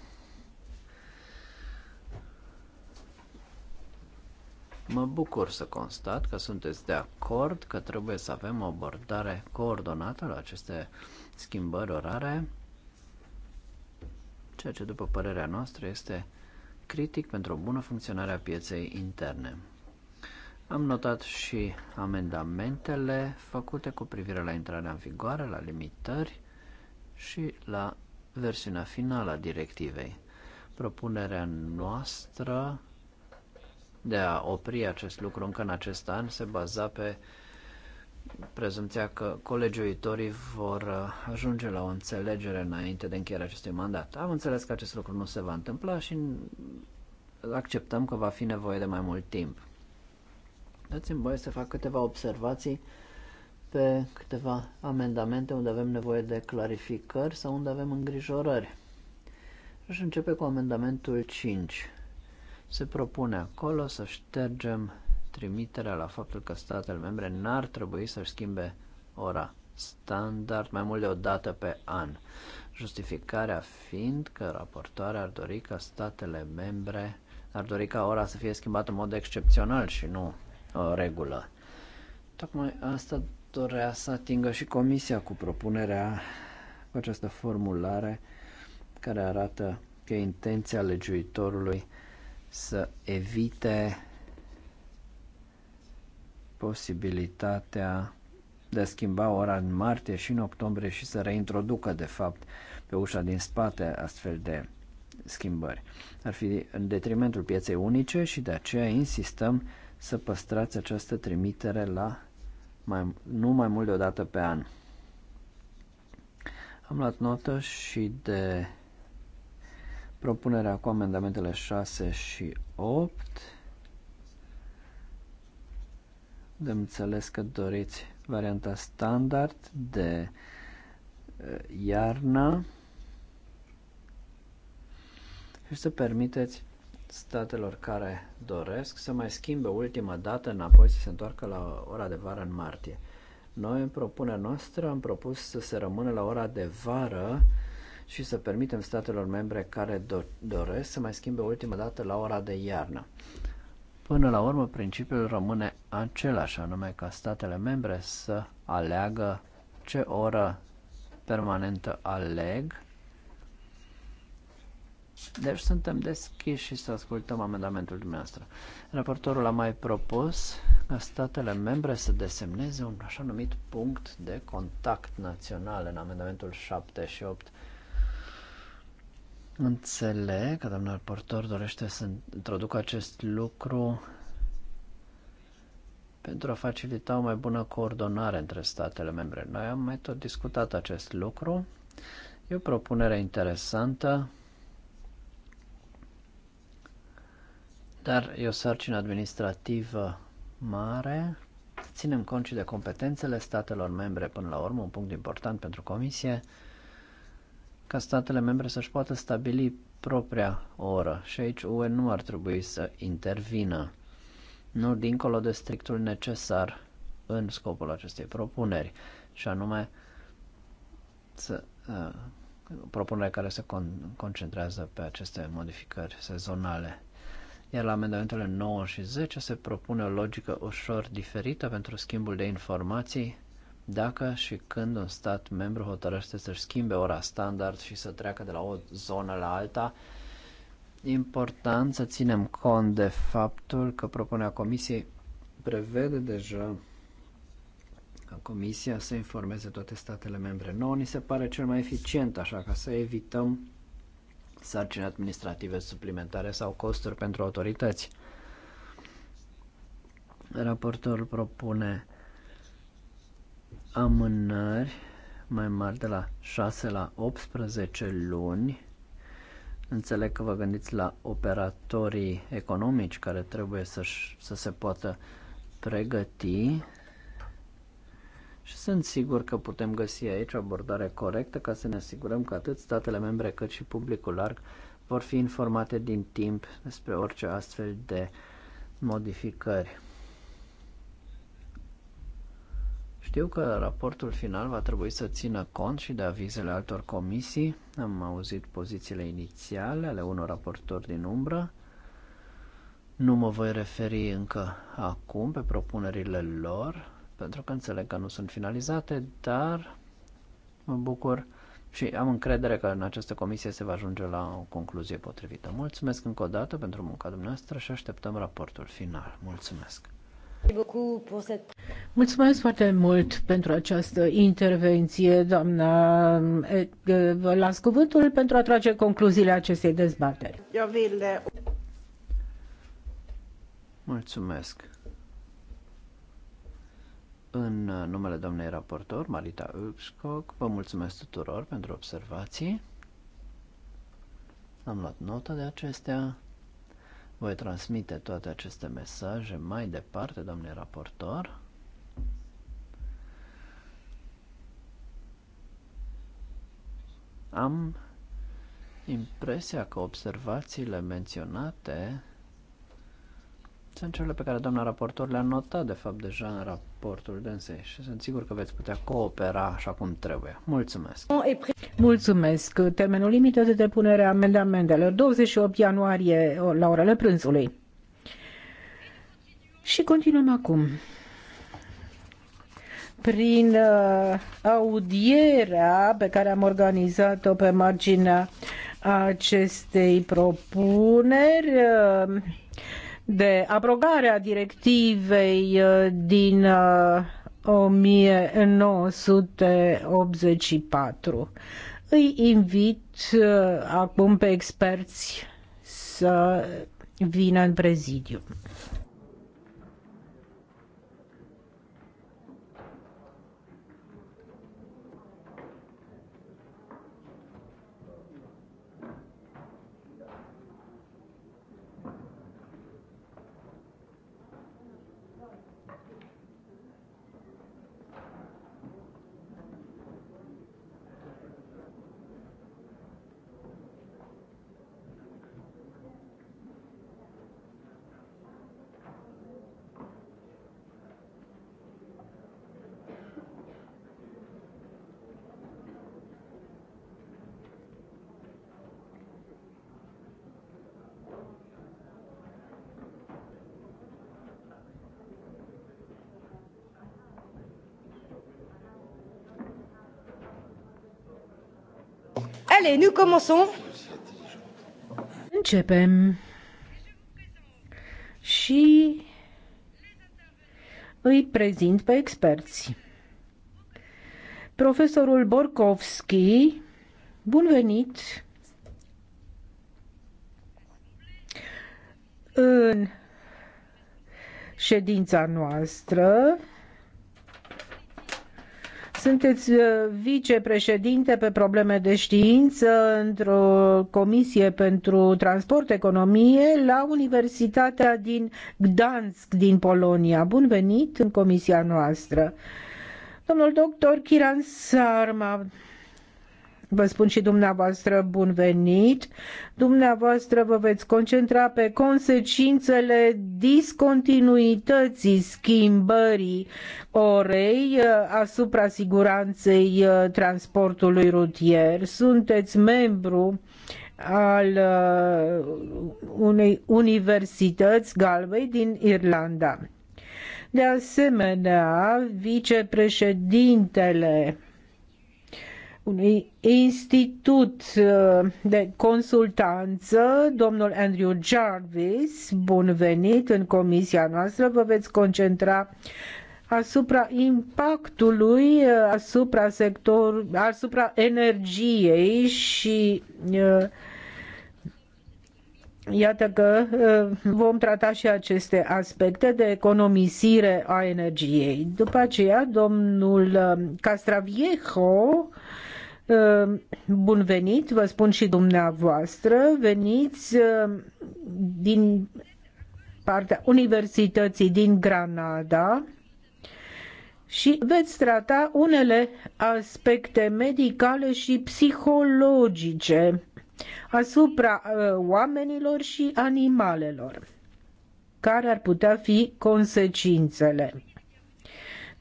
Mă bucur să constat că sunteți de acord că trebuie să avem o abordare coordonată la aceste schimbări orare, ceea ce, după părerea noastră, este critic pentru o bună funcționare a pieței interne. Am notat și amendamentele făcute cu privire la intrarea în vigoare, la limitări și la versiunea finală a directivei. Propunerea noastră de a opri acest lucru încă în acest an se baza pe prezumția că colegiuitorii vor uh, ajunge la o înțelegere înainte de încheierea acestui mandat. Am înțeles că acest lucru nu se va întâmpla și acceptăm că va fi nevoie de mai mult timp. Dați-mi voie să fac câteva observații pe câteva amendamente unde avem nevoie de clarificări sau unde avem îngrijorări. Aș începe cu amendamentul 5. Se propune acolo să ștergem trimiterea la faptul că statele membre n-ar trebui să-și schimbe ora standard mai mult de o dată pe an. Justificarea fiind că raportoarea ar dori ca statele membre ar dori ca ora să fie schimbată în mod excepțional și nu o regulă. Tocmai asta dorea să atingă și comisia cu propunerea cu această formulare care arată că intenția legiuitorului să evite posibilitatea de a schimba ora în martie și în octombrie și să reintroducă, de fapt, pe ușa din spate astfel de schimbări. Ar fi în detrimentul pieței unice și de aceea insistăm să păstrați această trimitere la mai, nu mai mult de o dată pe an. Am luat notă și de Propunerea cu amendamentele 6 și 8. De înțeles că doriți varianta standard de iarna și să permiteți statelor care doresc să mai schimbe ultima dată înapoi să se întoarcă la ora de vară în martie. Noi, în propunerea noastră, am propus să se rămână la ora de vară și să permitem statelor membre care do- doresc să mai schimbe ultima dată la ora de iarnă. Până la urmă, principiul rămâne același, anume ca statele membre să aleagă ce oră permanentă aleg. Deci suntem deschiși și să ascultăm amendamentul dumneavoastră. Raportorul a mai propus ca statele membre să desemneze un așa numit punct de contact național în amendamentul 7 și 8 Înțeleg că domnul portor dorește să introducă acest lucru pentru a facilita o mai bună coordonare între statele membre. Noi am mai tot discutat acest lucru. E o propunere interesantă, dar e o sarcină administrativă mare. Ținem cont și de competențele statelor membre, până la urmă, un punct important pentru Comisie ca statele membre să-și poată stabili propria oră și aici UE nu ar trebui să intervină, nu dincolo de strictul necesar în scopul acestei propuneri, și anume să, uh, propunere care se con- concentrează pe aceste modificări sezonale. Iar la amendamentele 9 și 10 se propune o logică ușor diferită pentru schimbul de informații dacă și când un stat membru hotărăște să-și schimbe ora standard și să treacă de la o zonă la alta, important să ținem cont de faptul că propunerea Comisiei prevede deja ca Comisia să informeze toate statele membre. Nu, ni se pare cel mai eficient, așa ca să evităm sarcini administrative suplimentare sau costuri pentru autorități. Raportorul propune amânări mai mari de la 6 la 18 luni. Înțeleg că vă gândiți la operatorii economici care trebuie să, se poată pregăti și sunt sigur că putem găsi aici o abordare corectă ca să ne asigurăm că atât statele membre cât și publicul larg vor fi informate din timp despre orice astfel de modificări. Știu că raportul final va trebui să țină cont și de avizele altor comisii. Am auzit pozițiile inițiale ale unor raportori din umbră. Nu mă voi referi încă acum pe propunerile lor, pentru că înțeleg că nu sunt finalizate, dar mă bucur și am încredere că în această comisie se va ajunge la o concluzie potrivită. Mulțumesc încă o dată pentru munca dumneavoastră și așteptăm raportul final. Mulțumesc! Mulțumesc foarte mult pentru această intervenție, doamna. Eh, vă las cuvântul pentru a trage concluziile acestei dezbateri. Mulțumesc. În numele doamnei raportor, Marita Ulfskog, vă mulțumesc tuturor pentru observații. Am luat notă de acestea. Voi transmite toate aceste mesaje mai departe, domnule raportor. Am impresia că observațiile menționate sunt cele pe care doamna raportor le-a notat, de fapt, deja în raportul dânsei și sunt sigur că veți putea coopera așa cum trebuie. Mulțumesc! Mulțumesc! Termenul limită de depunere a amendamentelor 28 ianuarie la orele prânzului. Și continuăm acum prin uh, audierea pe care am organizat-o pe marginea acestei propuneri uh, de abrogare a directivei uh, din 1984. Uh, Îi invit uh, acum pe experți să vină în prezidiu. Allez, nous commençons. Începem. Și îi prezint pe experți. Profesorul Borkovski, bun venit în ședința noastră sunteți uh, vicepreședinte pe probleme de știință într-o comisie pentru transport, economie la Universitatea din Gdansk din Polonia. Bun venit în comisia noastră. Domnul doctor Kiran Sarma Vă spun și dumneavoastră bun venit. Dumneavoastră vă veți concentra pe consecințele discontinuității schimbării orei uh, asupra siguranței uh, transportului rutier. Sunteți membru al uh, unei universități Galvei din Irlanda. De asemenea, vicepreședintele unui institut uh, de consultanță, domnul Andrew Jarvis, bun venit în comisia noastră, vă veți concentra asupra impactului uh, asupra sector, asupra energiei și uh, Iată că vom trata și aceste aspecte de economisire a energiei. După aceea, domnul Castraviejo, Bun venit, vă spun și dumneavoastră, veniți uh, din partea Universității din Granada și veți trata unele aspecte medicale și psihologice asupra uh, oamenilor și animalelor. Care ar putea fi consecințele?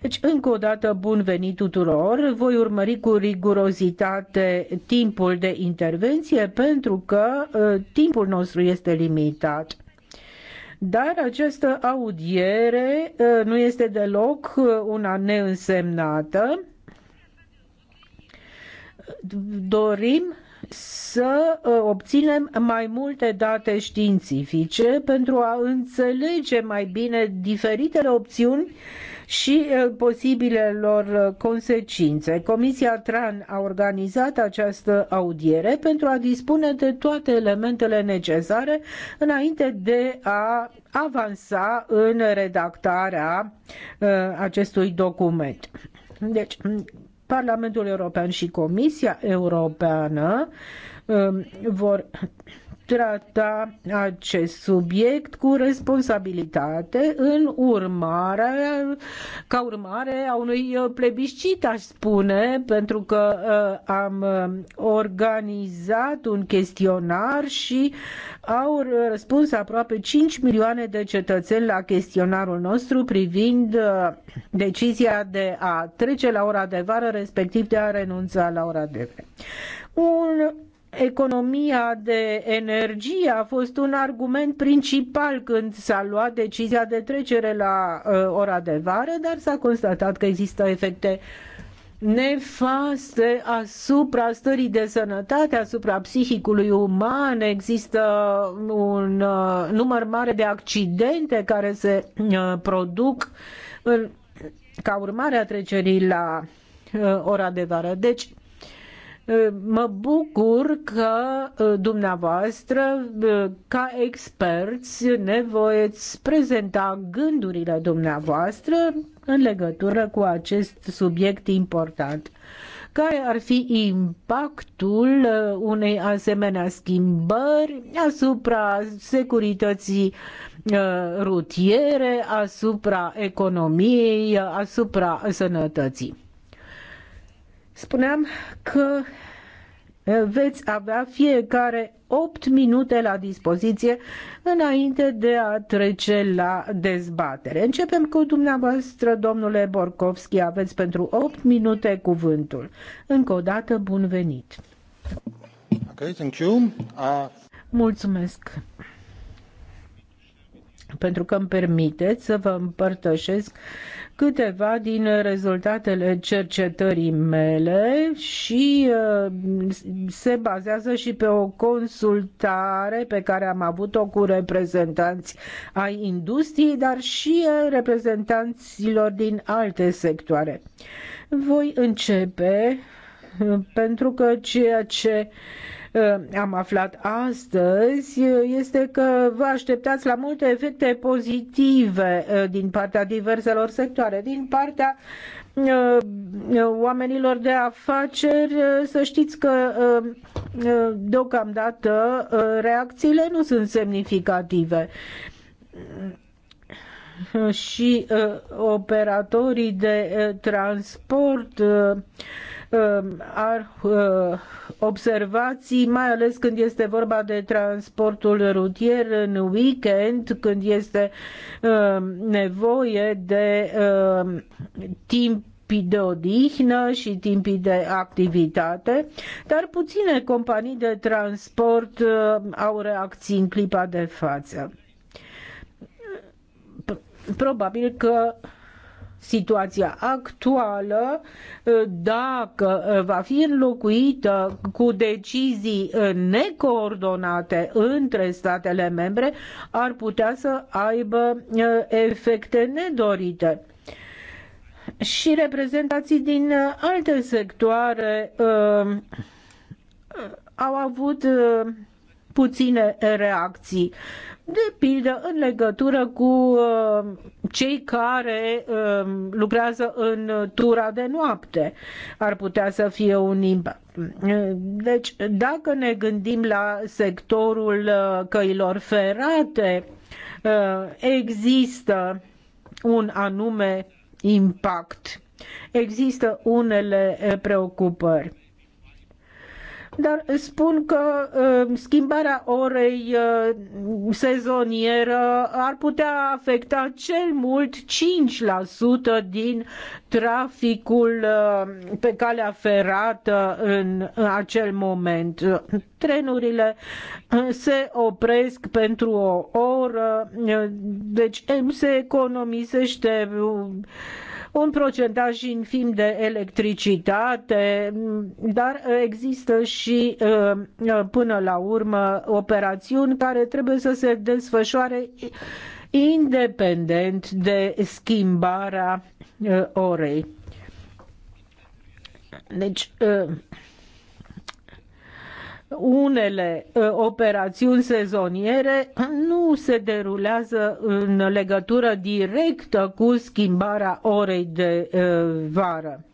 Deci, încă o dată, bun venit tuturor. Voi urmări cu rigurozitate timpul de intervenție pentru că uh, timpul nostru este limitat. Dar această audiere uh, nu este deloc ă, una neînsemnată. Dorim să obținem mai multe date științifice pentru a înțelege mai bine diferitele opțiuni uh, și uh, posibilelor uh, consecințe. Comisia TRAN a organizat această audiere pentru a dispune de toate elementele necesare înainte de a avansa în redactarea uh, acestui document. Deci, Parlamentul European și Comisia Europeană um, vor trata acest subiect cu responsabilitate în urmare, ca urmare a unui uh, plebiscit, aș spune, pentru că uh, am uh, organizat un chestionar și au răspuns aproape 5 milioane de cetățeni la chestionarul nostru privind decizia de a trece la ora de vară, respectiv de a renunța la ora de vară. Un economia de energie a fost un argument principal când s-a luat decizia de trecere la uh, ora de vară, dar s-a constatat că există efecte nefaste asupra stării de sănătate, asupra psihicului uman. Există un uh, număr mare de accidente care se uh, produc ca urmare a trecerii la ora de vară. Deci, Mă bucur că uh, dumneavoastră, uh, ca experți, ne voieți prezenta gândurile dumneavoastră în legătură cu acest subiect important. Care ar fi impactul uh, unei asemenea schimbări asupra securității rutiere, asupra economiei, asupra sănătății? Spuneam că veți avea fiecare 8 minute la dispoziție înainte de a trece la dezbatere. Începem cu dumneavoastră, domnule Borcovski, aveți pentru 8 minute cuvântul. Încă o dată, bun venit! Okay, thank you. Uh... Mulțumesc! pentru că îmi permiteți să vă împărtășesc câteva din rezultatele cercetării mele și uh, se bazează și pe o consultare pe care am avut-o cu reprezentanți ai industriei, dar și reprezentanților din alte sectoare. Voi începe uh, pentru că ceea ce uh, Ă, am aflat astăzi este că vă așteptați la multe efecte pozitive ă, din partea diverselor sectoare, din partea ă, oamenilor de afaceri, să știți că deocamdată reacțiile nu sunt semnificative și operatorii de transport Ehm, ar eh, observații, mai ales când este vorba de transportul rutier în weekend, când este ehm, nevoie de ehm, timp de odihnă și timpii de activitate, dar puține companii de transport au reacții în clipa de față. Probabil că situația actuală, ă, dacă ă, va fi înlocuită cu decizii ă, necoordonate între statele membre, ar putea să aibă efecte nedorite și reprezentații din alte sectoare uh, au avut uh, puține reacții de pildă în legătură cu uh, cei care uh, lucrează în tura de noapte. Ar putea să fie un impact. Deci, dacă ne gândim la sectorul uh, căilor ferate, există un anume impact. Există unele preocupări dar spun că uh, schimbarea orei uh, sezonieră ar putea afecta cel mult 5% din traficul uh, pe calea ferată în acel moment. Trenurile se opresc pentru o oră, deci se economisește un procentaj infim de electricitate, dar există și uh, până la urmă operațiuni care trebuie să se desfășoare independent de schimbarea uh, orei. Deci, uh, unele ă, operațiuni sezoniere nu se derulează în legătură directă cu schimbarea orei de ă, vară.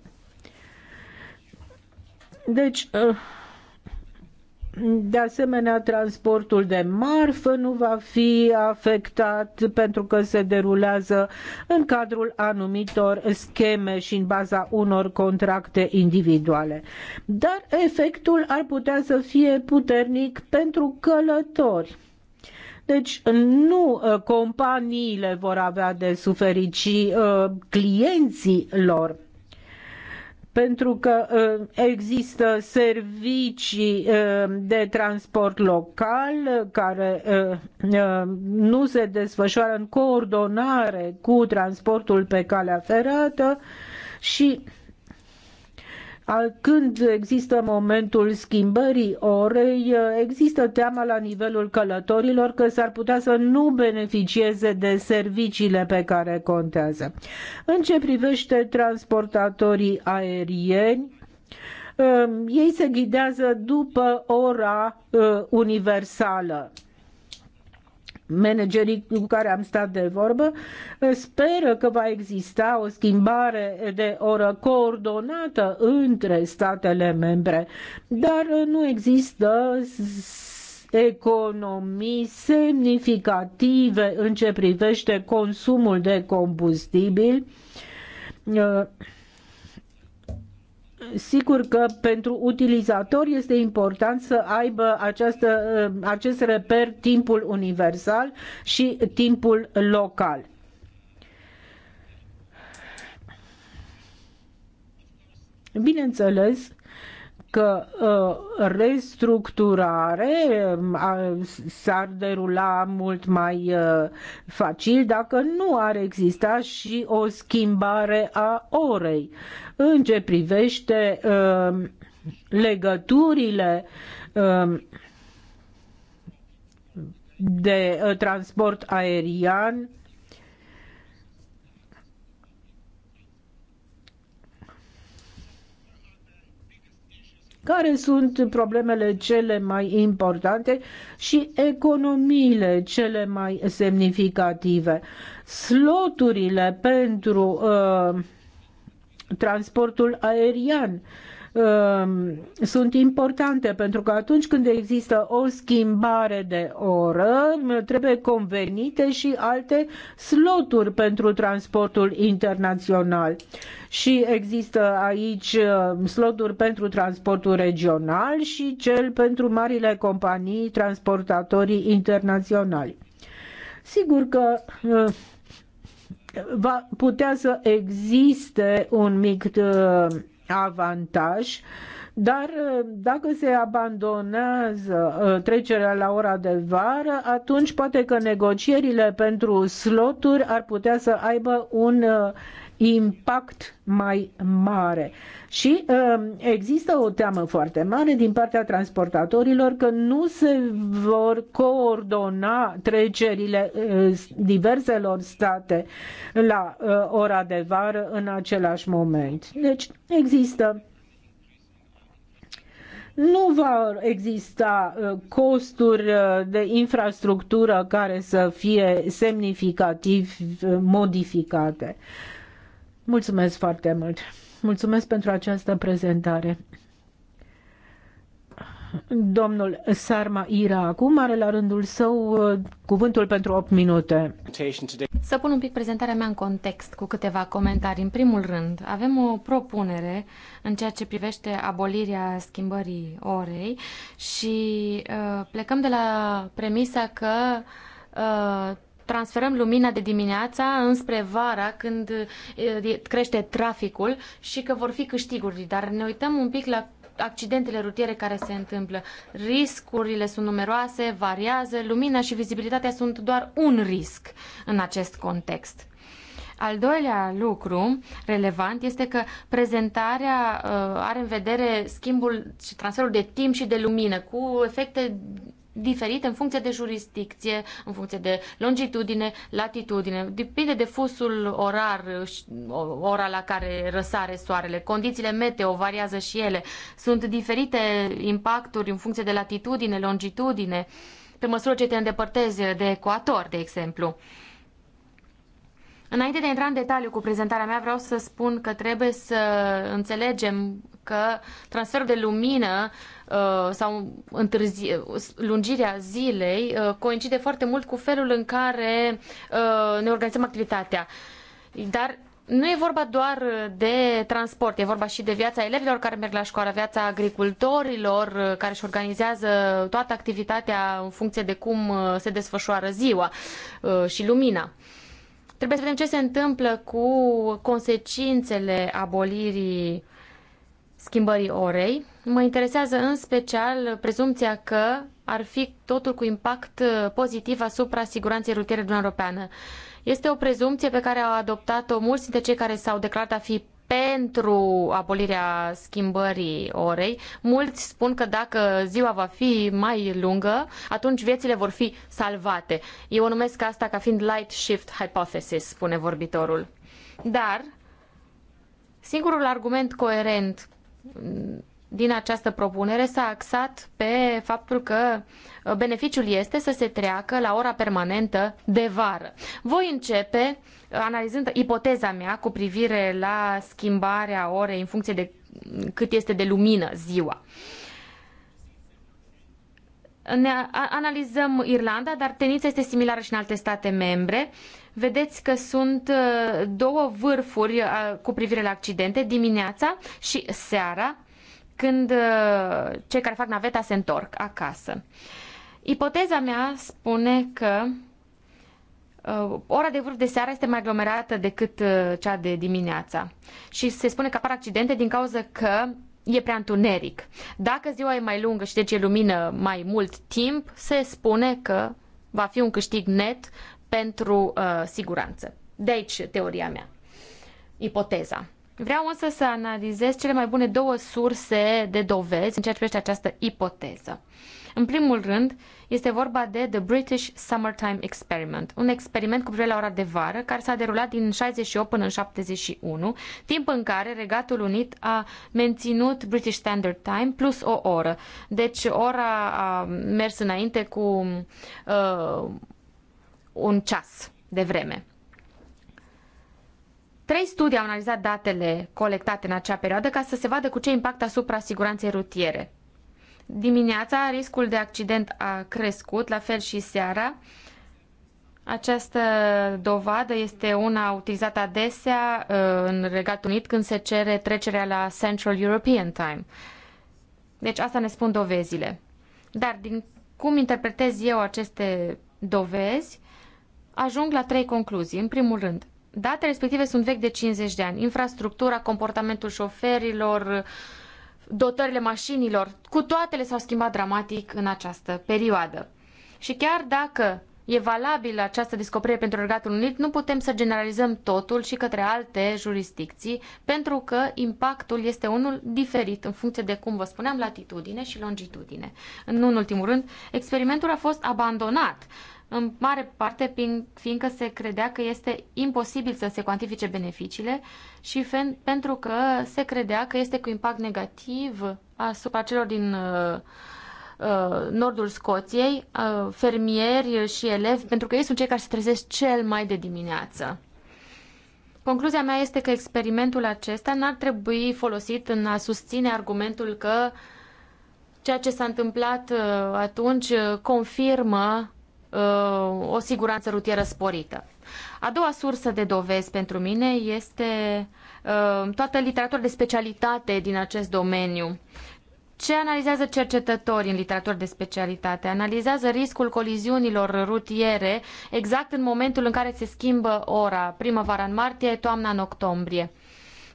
Deci, ă, de asemenea, transportul de marfă nu va fi afectat pentru că se derulează în cadrul anumitor scheme și în baza unor contracte individuale. Dar efectul ar putea să fie puternic pentru călători. Deci nu uh, companiile vor avea de suferit, ci uh, clienții lor pentru că uh, există servicii uh, de transport local care uh, nu se desfășoară în coordonare cu transportul pe calea ferată și când există momentul schimbării orei, există teama la nivelul călătorilor că s-ar putea să nu beneficieze de serviciile pe care contează. În ce privește transportatorii aerieni, um, ei se ghidează după ora uh, universală managerii cu care am stat de vorbă speră că va exista o schimbare de oră coordonată între statele membre, dar nu există economii semnificative în ce privește consumul de combustibil Sigur că pentru utilizator este important să aibă această, uh, acest reper timpul universal și timpul local. Bineînțeles, că uh, restructurare um, s-ar derula mult mai uh, facil dacă nu ar exista și o schimbare a orei. În ce privește um, legăturile um, de uh, transport aerian, care sunt problemele cele mai importante și economiile cele mai semnificative. Sloturile pentru uh, transportul aerian Um, sunt importante pentru că atunci când există o schimbare de oră, trebuie convenite și alte sloturi pentru transportul internațional. Și există aici um, sloturi pentru transportul regional și cel pentru marile companii transportatorii internaționali. Sigur că uh, va putea să existe un mic uh, avantaj, dar uh, dacă se abandonează uh, trecerea la ora de vară, atunci poate că negocierile pentru sloturi ar putea să aibă un uh, impact mai mare. Și uh, există o teamă foarte mare din partea transportatorilor că nu se vor coordona trecerile uh, diverselor state la uh, ora de vară în același moment. Deci există nu va exista costuri de infrastructură care să fie semnificativ modificate. Mulțumesc foarte mult! Mulțumesc pentru această prezentare. Domnul Sarma Ira acum are la rândul său uh, cuvântul pentru 8 minute. Să pun un pic prezentarea mea în context cu câteva comentarii. În primul rând, avem o propunere în ceea ce privește abolirea schimbării orei și uh, plecăm de la premisa că uh, transferăm lumina de dimineața înspre vara când crește traficul și că vor fi câștiguri. Dar ne uităm un pic la accidentele rutiere care se întâmplă. Riscurile sunt numeroase, variază, lumina și vizibilitatea sunt doar un risc în acest context. Al doilea lucru relevant este că prezentarea uh, are în vedere schimbul și transferul de timp și de lumină cu efecte diferite în funcție de jurisdicție, în funcție de longitudine, latitudine. Depinde de fusul orar, ora la care răsare soarele. Condițiile meteo variază și ele. Sunt diferite impacturi în funcție de latitudine, longitudine, pe măsură ce te îndepărtezi de ecuator, de exemplu. Înainte de a intra în detaliu cu prezentarea mea, vreau să spun că trebuie să înțelegem că transferul de lumină uh, Uh, sau întârzi, lungirea zilei uh, coincide foarte mult cu felul în care uh, ne organizăm activitatea. Dar nu e vorba doar de transport, e vorba și de viața elevilor care merg la școală, viața agricultorilor care își organizează toată activitatea în funcție de cum se desfășoară ziua și lumina. Trebuie să vedem ce se întâmplă cu consecințele abolirii schimbării orei Mă interesează în special prezumția că ar fi totul cu impact uh, pozitiv asupra siguranței rutiere din Europeană. Este o prezumție pe care au adoptat-o mulți dintre cei care s-au declarat a fi pentru abolirea schimbării orei. Mulți spun că dacă ziua va fi mai lungă, atunci viețile vor fi salvate. Eu o numesc asta ca fiind light shift hypothesis, spune vorbitorul. Dar singurul argument coerent din această propunere s-a axat pe faptul că uh, beneficiul este să se treacă la ora permanentă de vară. Voi începe uh, analizând ipoteza mea cu privire la schimbarea orei în funcție de cât este de lumină ziua. Ne analizăm Irlanda, dar tenița este similară și în alte state membre. Vedeți că sunt uh, două vârfuri cu privire la accidente, dimineața și seara când uh, cei care fac naveta se întorc acasă. Ipoteza mea spune că uh, ora de vârf de seară este mai aglomerată decât uh, cea de dimineața și se spune că apar accidente din cauza că e prea întuneric. Dacă ziua e mai lungă și deci e lumină mai mult timp, se spune că va fi un câștig net pentru uh, siguranță. De aici teoria mea, ipoteza. Vreau însă să analizez cele mai bune două surse de dovezi în ceea ce privește această ipoteză. În primul rând, este vorba de The British Summertime Experiment, un experiment cu privire la ora de vară care s-a derulat din 68 până în 71, timp în care Regatul Unit a menținut British Standard Time plus o oră. Deci ora a mers înainte cu uh, un ceas de vreme. Trei studii au analizat datele colectate în acea perioadă ca să se vadă cu ce impact asupra siguranței rutiere. Dimineața riscul de accident a crescut, la fel și seara. Această dovadă este una utilizată adesea uh, în Regatul Unit când se cere trecerea la Central European Time. Deci asta ne spun dovezile. Dar din cum interpretez eu aceste dovezi, ajung la trei concluzii. În primul rând, Datele respective sunt vechi de 50 de ani. Infrastructura, comportamentul șoferilor, dotările mașinilor, cu toate le s-au schimbat dramatic în această perioadă. Și chiar dacă e valabilă această descoperire pentru Regatul Unit, nu putem să generalizăm totul și către alte jurisdicții, pentru că impactul este unul diferit în funcție de, cum vă spuneam, latitudine și longitudine. Nu în ultimul rând, experimentul a fost abandonat în mare parte fiindcă se credea că este imposibil să se cuantifice beneficiile și pentru că se credea că este cu impact negativ asupra celor din uh, uh, nordul Scoției, uh, fermieri și elevi, pentru că ei sunt cei care se trezesc cel mai de dimineață. Concluzia mea este că experimentul acesta n-ar trebui folosit în a susține argumentul că ceea ce s-a întâmplat atunci confirmă Uh, o siguranță rutieră sporită. A doua sursă de dovezi pentru mine este uh, toată literatura de specialitate din acest domeniu. Ce analizează cercetătorii în literatură de specialitate? Analizează riscul coliziunilor rutiere exact în momentul în care se schimbă ora, primăvara în martie, toamna în octombrie.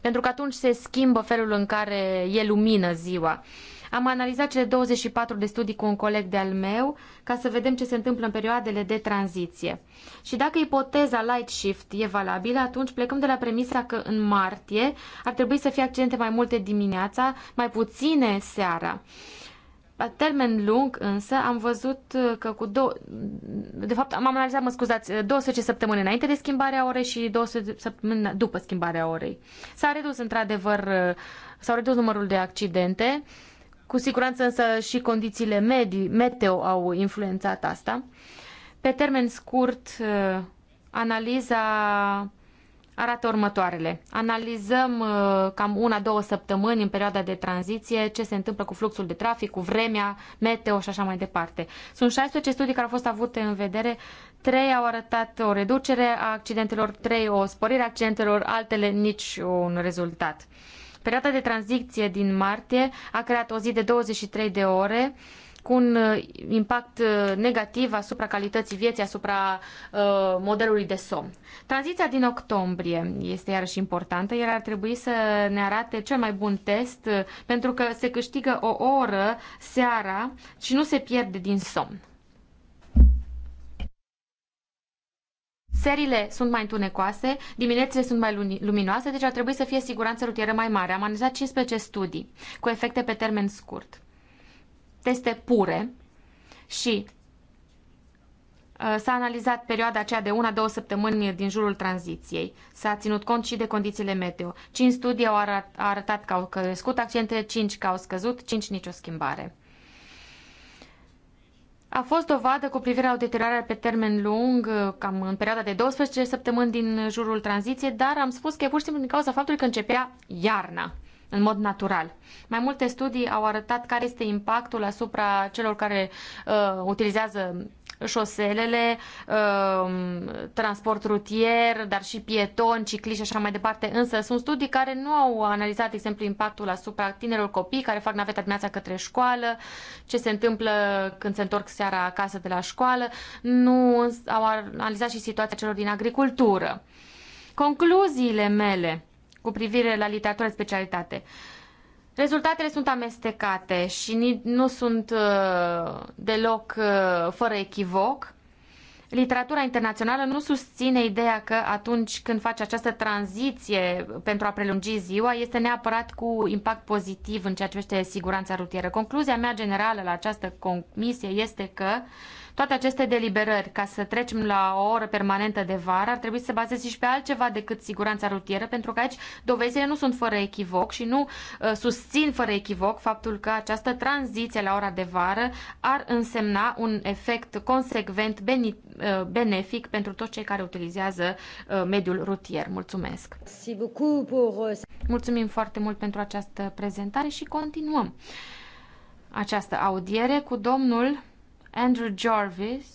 Pentru că atunci se schimbă felul în care e lumină ziua. Uh, am analizat cele 24 de studii cu un coleg de-al meu ca să vedem ce se întâmplă în perioadele de tranziție. Și dacă ipoteza light shift e valabilă, atunci plecăm de la premisa că în martie ar trebui să fie accidente mai multe dimineața, mai puține seara. La termen lung însă am văzut că cu două... De fapt, am analizat, mă scuzați, 200 săptămâni înainte de schimbarea orei și 200 săptămâni după schimbarea orei. S-a redus într-adevăr, s-au redus numărul de accidente, cu siguranță însă și condițiile medii, meteo au influențat asta. Pe termen scurt, uh, analiza arată următoarele. Analizăm uh, cam una-două săptămâni în perioada de tranziție ce se întâmplă cu fluxul de trafic, cu vremea, meteo și așa mai departe. Sunt 16 studii care au fost avute în vedere. Trei au arătat o reducere a accidentelor, trei o sporire a accidentelor, altele nici un rezultat. Perioada de tranziție din martie a creat o zi de 23 de ore cu un uh, impact uh, negativ asupra calității vieții, asupra uh, modelului de somn. Tranziția din octombrie este iarăși importantă. iar ar trebui să ne arate cel mai bun test uh, pentru că se câștigă o oră seara și nu se pierde din somn. Serile sunt mai întunecoase, diminețile sunt mai luminoase, deci ar trebui să fie siguranță rutieră mai mare. Am analizat 15 studii cu efecte pe termen scurt, teste pure și uh, S-a analizat perioada aceea de una-două săptămâni din jurul tranziției. S-a ținut cont și de condițiile meteo. Cinci studii au arătat că au crescut accidentele, cinci că au scăzut, cinci nicio schimbare a fost dovadă cu privire la o deteriorare pe termen lung, uh, cam în perioada de 12 săptămâni din jurul tranziției, dar am spus că e pur și simplu din cauza faptului că începea iarna în mod natural. Mai multe studii au arătat care este impactul asupra celor care uh, utilizează șoselele, um, transport rutier, dar și pietoni, cicliști și așa mai departe. Însă sunt studii care nu au analizat, de exemplu, impactul asupra tinerilor copii care fac naveta dimineața către școală, ce se întâmplă când se întorc seara acasă de la școală. Nu au analizat și situația celor din agricultură. Concluziile mele cu privire la literatura de specialitate. Uh, Rezultatele sunt amestecate și nu sunt uh, deloc uh, fără echivoc. Literatura internațională nu susține ideea că atunci când faci această tranziție pentru a prelungi ziua, este neapărat cu impact pozitiv în ceea ce privește siguranța rutieră. Concluzia mea generală la această comisie este că uh, toate aceste deliberări, ca să trecem la o oră permanentă de vară, ar trebui să se bazeze și pe altceva decât siguranța rutieră, pentru că aici dovezile nu sunt fără echivoc și nu uh, susțin fără echivoc faptul că această tranziție la ora de vară ar însemna un efect consecvent uh, benefic pentru toți cei care utilizează uh, mediul rutier. Mulțumesc! Uh, Mulțumim foarte mult pentru această prezentare și continuăm această audiere cu domnul Andrew Jarvis,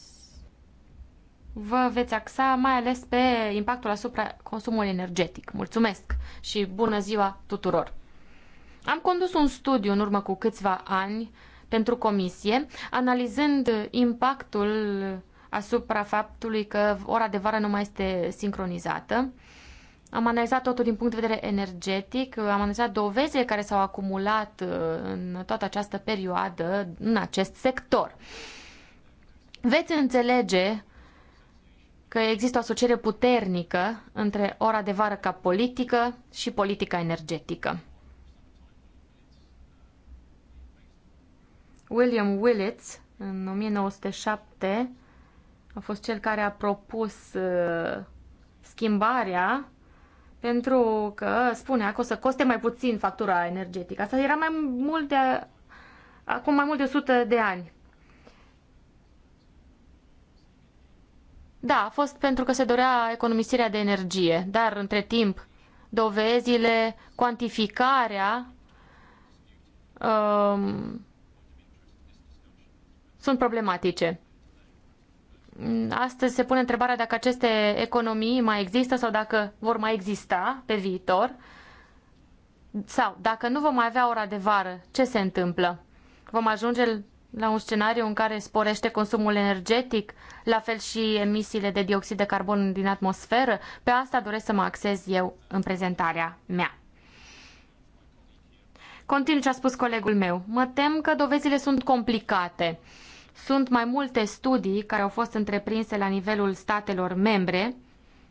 vă veți axa mai ales pe impactul asupra consumului energetic. Mulțumesc și bună ziua tuturor! Am condus un studiu în urmă cu câțiva ani pentru comisie, analizând impactul asupra faptului că ora de vară nu mai este sincronizată. Am analizat totul din punct de vedere energetic, am analizat dovezile care s-au acumulat uh, în toată această perioadă în acest sector veți înțelege că există o asociere puternică între ora de vară ca politică și politica energetică. William Willits, în 1907, a fost cel care a propus uh, schimbarea pentru că spunea că o să coste mai puțin factura energetică. Asta era mai mult de acum mai mult de 100 de ani. Da, a fost pentru că se dorea economisirea de energie, dar între timp dovezile, cuantificarea um, sunt problematice. Astăzi se pune întrebarea dacă aceste economii mai există sau dacă vor mai exista pe viitor sau dacă nu vom mai avea ora de vară, ce se întâmplă? Vom ajunge la un scenariu în care sporește consumul energetic, la fel și emisiile de dioxid de carbon din atmosferă. Pe asta doresc să mă axez eu în prezentarea mea. Continu ce a spus colegul meu. Mă tem că dovezile sunt complicate. Sunt mai multe studii care au fost întreprinse la nivelul statelor membre,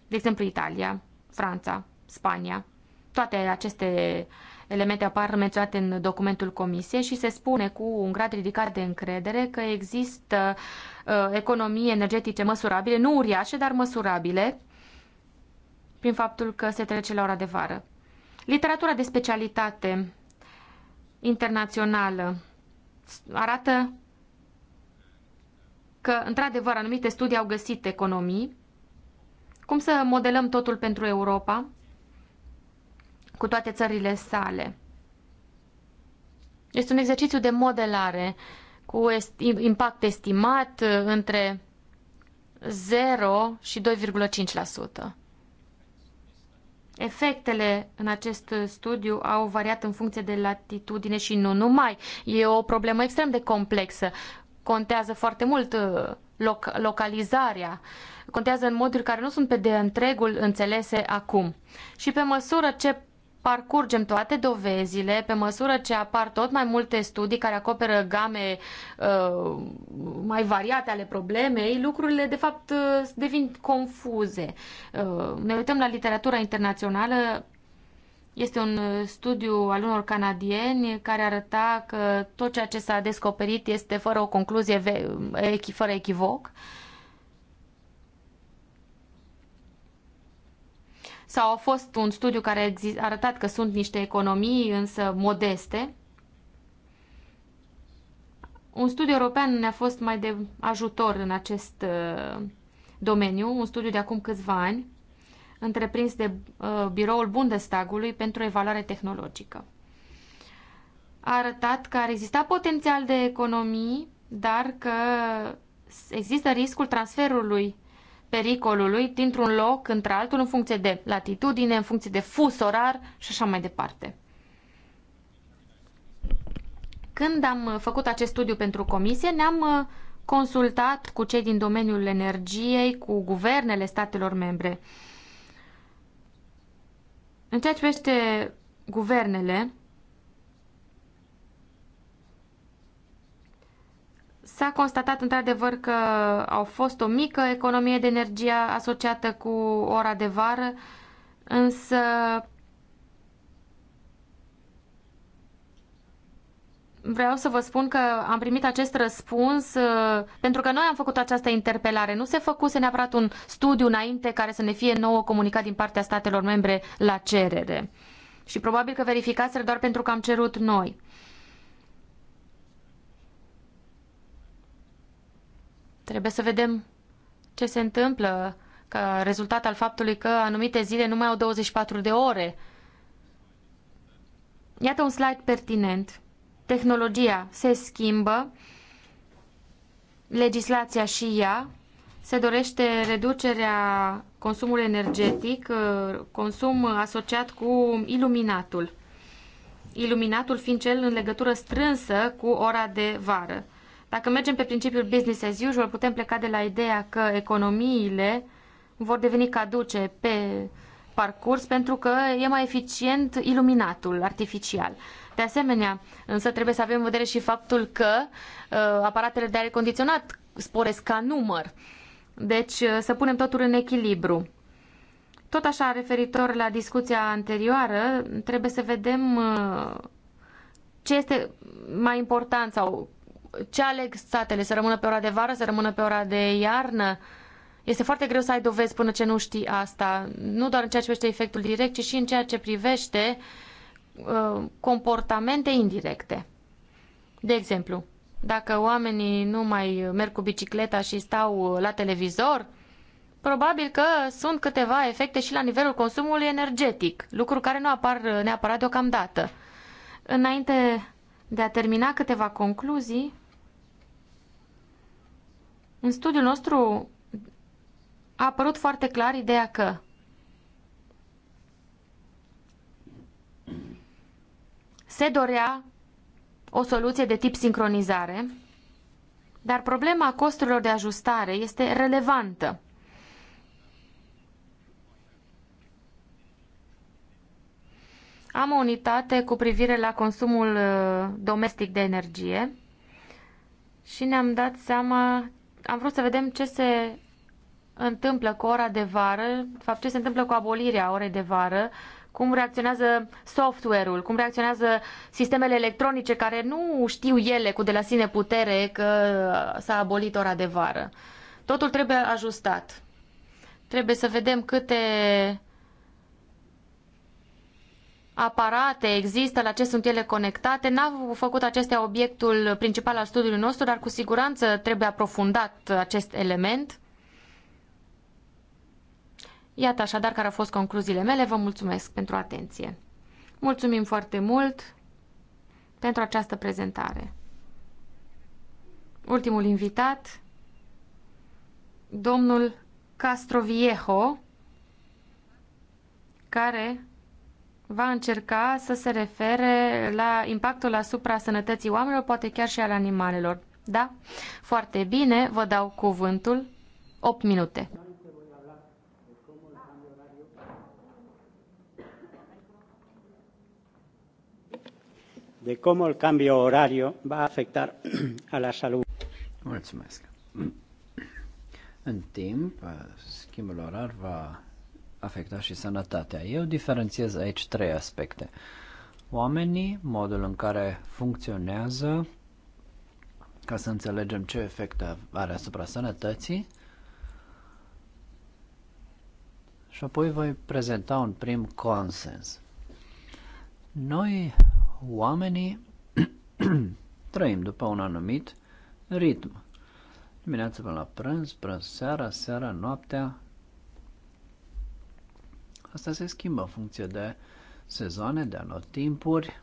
de exemplu Italia, Franța, Spania. Toate aceste uh, elemente apar menționate în documentul comisiei și se spune cu un grad ridicat de încredere că există uh, economii energetice măsurabile, nu uriașe, dar măsurabile, prin faptul că se trece la ora de vară. Literatura de specialitate internațională arată că, într-adevăr, anumite studii au găsit economii. Cum să modelăm totul pentru Europa? cu toate țările sale. Este un exercițiu de modelare cu impact estimat uh, între 0 și 2,5%. Efectele în acest studiu au variat în funcție de latitudine și nu numai. E o problemă extrem de complexă. Contează foarte mult uh, loc- localizarea. Contează în moduri care nu sunt pe de întregul înțelese acum. Și pe măsură ce parcurgem toate dovezile pe măsură ce apar tot mai multe studii care acoperă game uh, mai variate ale problemei, lucrurile de fapt uh, devin confuze. Uh, ne uităm la literatura internațională. Este un uh, studiu al unor canadieni care arăta că tot ceea ce s-a descoperit este fără o concluzie fără echivoc. Uh, sau a fost un studiu care a arătat că sunt niște economii, însă modeste. Un studiu european ne-a fost mai de ajutor în acest uh, domeniu, un studiu de acum câțiva ani, întreprins de uh, biroul Bundestagului pentru evaluare tehnologică. A arătat că ar exista potențial de economii, dar că există riscul transferului pericolului dintr-un loc într-altul în funcție de latitudine, în funcție de fus orar și așa mai departe. Când am uh, făcut acest studiu pentru comisie, ne-am uh, consultat cu cei din domeniul energiei, cu guvernele statelor membre. În ceea ce privește guvernele, S-a constatat într-adevăr că au fost o mică economie de energie asociată cu ora de vară, însă vreau să vă spun că am primit acest răspuns uh, pentru că noi am făcut această interpelare. Nu se făcuse neapărat un studiu înainte care să ne fie nouă comunicat din partea statelor membre la cerere. Și probabil că verificați doar pentru că am cerut noi. Trebuie să vedem ce se întâmplă ca rezultat al faptului că anumite zile nu mai au 24 de ore. Iată un slide pertinent. Tehnologia se schimbă, legislația și ea, se dorește reducerea consumului energetic, uh, consum asociat cu iluminatul. Iluminatul fiind cel în legătură strânsă cu ora de vară. Dacă mergem pe principiul business as usual, putem pleca de la ideea că economiile vor deveni caduce pe parcurs pentru că e mai eficient iluminatul artificial. De asemenea, însă trebuie să avem în vedere și faptul că uh, aparatele de aer condiționat sporesc ca număr. Deci uh, să punem totul în echilibru. Tot așa, referitor la discuția anterioară, trebuie să vedem uh, ce este mai important sau ce aleg statele? Să rămână pe ora de vară, să rămână pe ora de iarnă? Este foarte greu să ai dovezi până ce nu știi asta, nu doar în ceea ce privește efectul direct, ci și în ceea ce privește uh, comportamente indirecte. De exemplu, dacă oamenii nu mai merg cu bicicleta și stau la televizor, probabil că sunt câteva efecte și la nivelul consumului energetic, lucruri care nu apar neapărat deocamdată. Înainte de a termina câteva concluzii, în studiul nostru a apărut foarte clar ideea că se dorea o soluție de tip sincronizare, dar problema costurilor de ajustare este relevantă. Am o unitate cu privire la consumul uh, domestic de energie și ne-am dat seama am vrut să vedem ce se întâmplă cu ora de vară, de fapt ce se întâmplă cu abolirea orei de vară, cum reacționează software-ul, cum reacționează sistemele electronice care nu știu ele cu de la sine putere că s-a abolit ora de vară. Totul trebuie ajustat. Trebuie să vedem câte aparate există, la ce sunt ele conectate. N-au făcut acestea obiectul principal al studiului nostru, dar cu siguranță trebuie aprofundat acest element. Iată așadar care au fost concluziile mele. Vă mulțumesc pentru atenție. Mulțumim foarte mult pentru această prezentare. Ultimul invitat, domnul Castroviejo, care va încerca să se refere la impactul asupra sănătății oamenilor, poate chiar și al animalelor. Da? Foarte bine, vă dau cuvântul. 8 minute. de cum el cambio orario va afecta a la salut. Mulțumesc. În timp, schimbul orar va afecta și sănătatea. Eu diferențiez aici trei aspecte. Oamenii, modul în care funcționează, ca să înțelegem ce efect are asupra sănătății, și apoi voi prezenta un prim consens. Noi, oamenii, trăim după un anumit ritm. Dimineața până la prânz, prânz seara, seara, noaptea, Asta se schimbă în funcție de sezoane, de anotimpuri.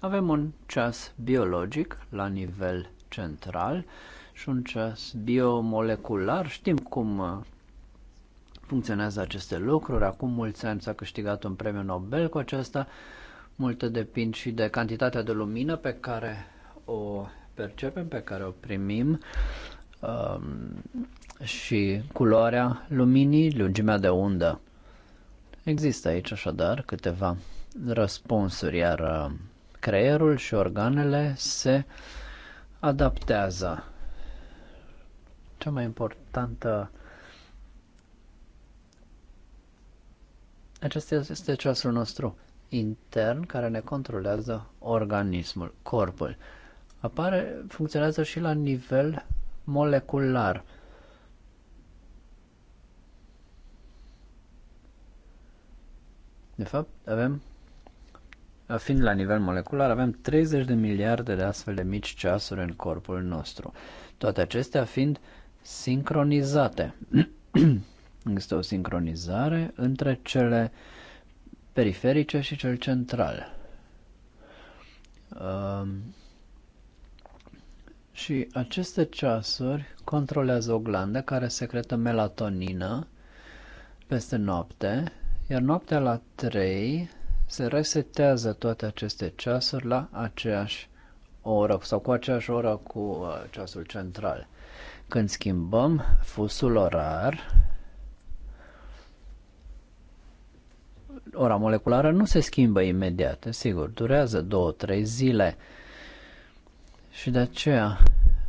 Avem un ceas biologic la nivel central și un ceas biomolecular. Știm cum uh, funcționează aceste lucruri. Acum mulți ani s-a câștigat un premiu Nobel cu acesta. Multe depind și de cantitatea de lumină pe care o percepem, pe care o primim um, și culoarea luminii, lungimea de undă. Există aici așadar câteva răspunsuri, iar uh, creierul și organele se adaptează. Cea mai importantă acesta este ceasul nostru intern care ne controlează organismul, corpul. Apare, funcționează și la nivel molecular. De fapt, avem, fiind la nivel molecular, avem 30 de miliarde de astfel de mici ceasuri în corpul nostru. Toate acestea fiind sincronizate. Există o sincronizare între cele periferice și cel central. Um, și aceste ceasuri controlează o glandă care secretă melatonină peste noapte iar noaptea la 3 se resetează toate aceste ceasuri la aceeași oră sau cu aceeași oră cu uh, ceasul central. Când schimbăm fusul orar, ora moleculară nu se schimbă imediat, sigur, durează 2-3 zile. Și de aceea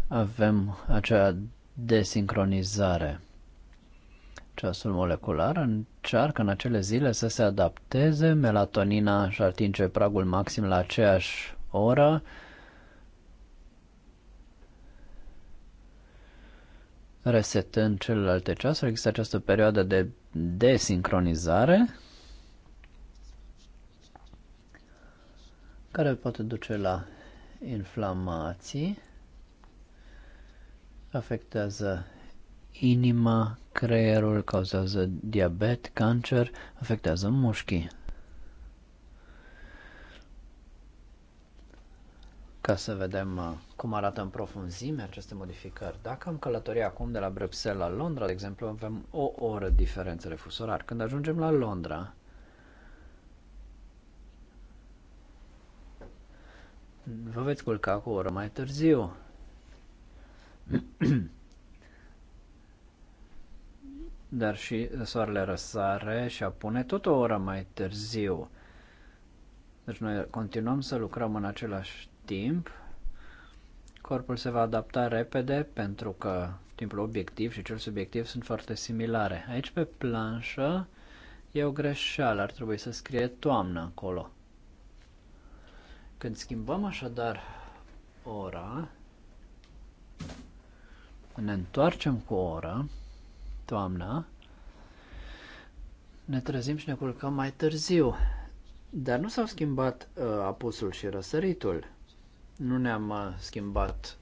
avem acea desincronizare ceasul molecular încearcă în acele zile să se adapteze, melatonina și atinge pragul maxim la aceeași oră, resetând celelalte ceasuri, există această perioadă de desincronizare care poate duce la inflamații, afectează inima, creierul, cauzează diabet, cancer, afectează mușchii. Ca să vedem uh, cum arată în profunzime aceste modificări. Dacă am călătorit acum de la Bruxelles la Londra, de exemplu, avem o oră diferență de fusorar Când ajungem la Londra, vă veți culca cu o oră mai târziu. dar și soarele răsare și apune tot o oră mai târziu. Deci noi continuăm să lucrăm în același timp. Corpul se va adapta repede pentru că timpul obiectiv și cel subiectiv sunt foarte similare. Aici pe planșă e o greșeală, ar trebui să scrie toamnă acolo. Când schimbăm așadar ora, ne întoarcem cu o oră, toamna, ne trezim și ne culcăm mai târziu. Dar nu s-au schimbat uh, apusul și răsăritul. Nu ne-am uh, schimbat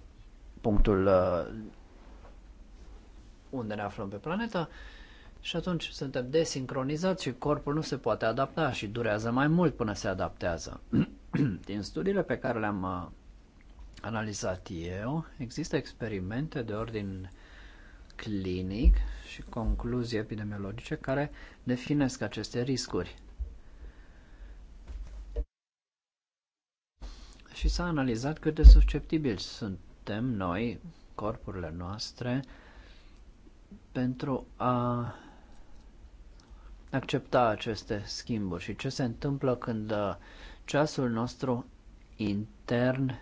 punctul uh, unde ne aflăm pe planetă și atunci suntem desincronizați și corpul nu se poate adapta și durează mai mult până se adaptează. Din studiile pe care le-am uh, analizat eu, există experimente de ordin clinic și concluzii epidemiologice care definesc aceste riscuri. Și s-a analizat cât de susceptibili suntem noi, corpurile noastre, pentru a accepta aceste schimburi și ce se întâmplă când uh, ceasul nostru intern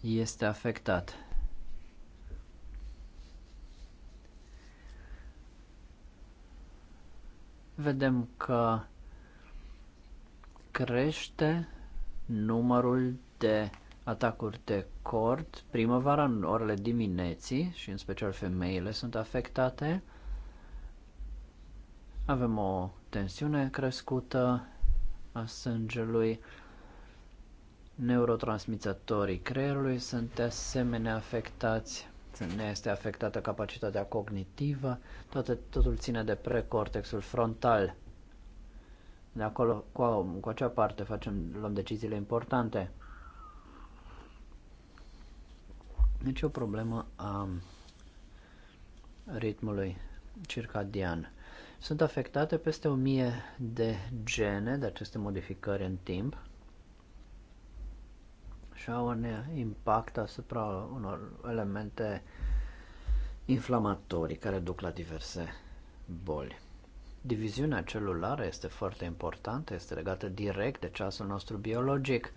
este afectat. vedem că crește numărul de atacuri de cord primăvara în orele dimineții și în special femeile sunt afectate. Avem o tensiune crescută a sângelui. Neurotransmițătorii creierului sunt de asemenea afectați ne este afectată capacitatea cognitivă, toate, totul ține de precortexul frontal. De acolo, cu, cu acea parte, facem, luăm deciziile importante. Deci o problemă a ritmului circadian. Sunt afectate peste 1000 de gene de aceste modificări în timp așa un impact asupra unor elemente inflamatorii care duc la diverse boli. Diviziunea celulară este foarte importantă, este legată direct de ceasul nostru biologic.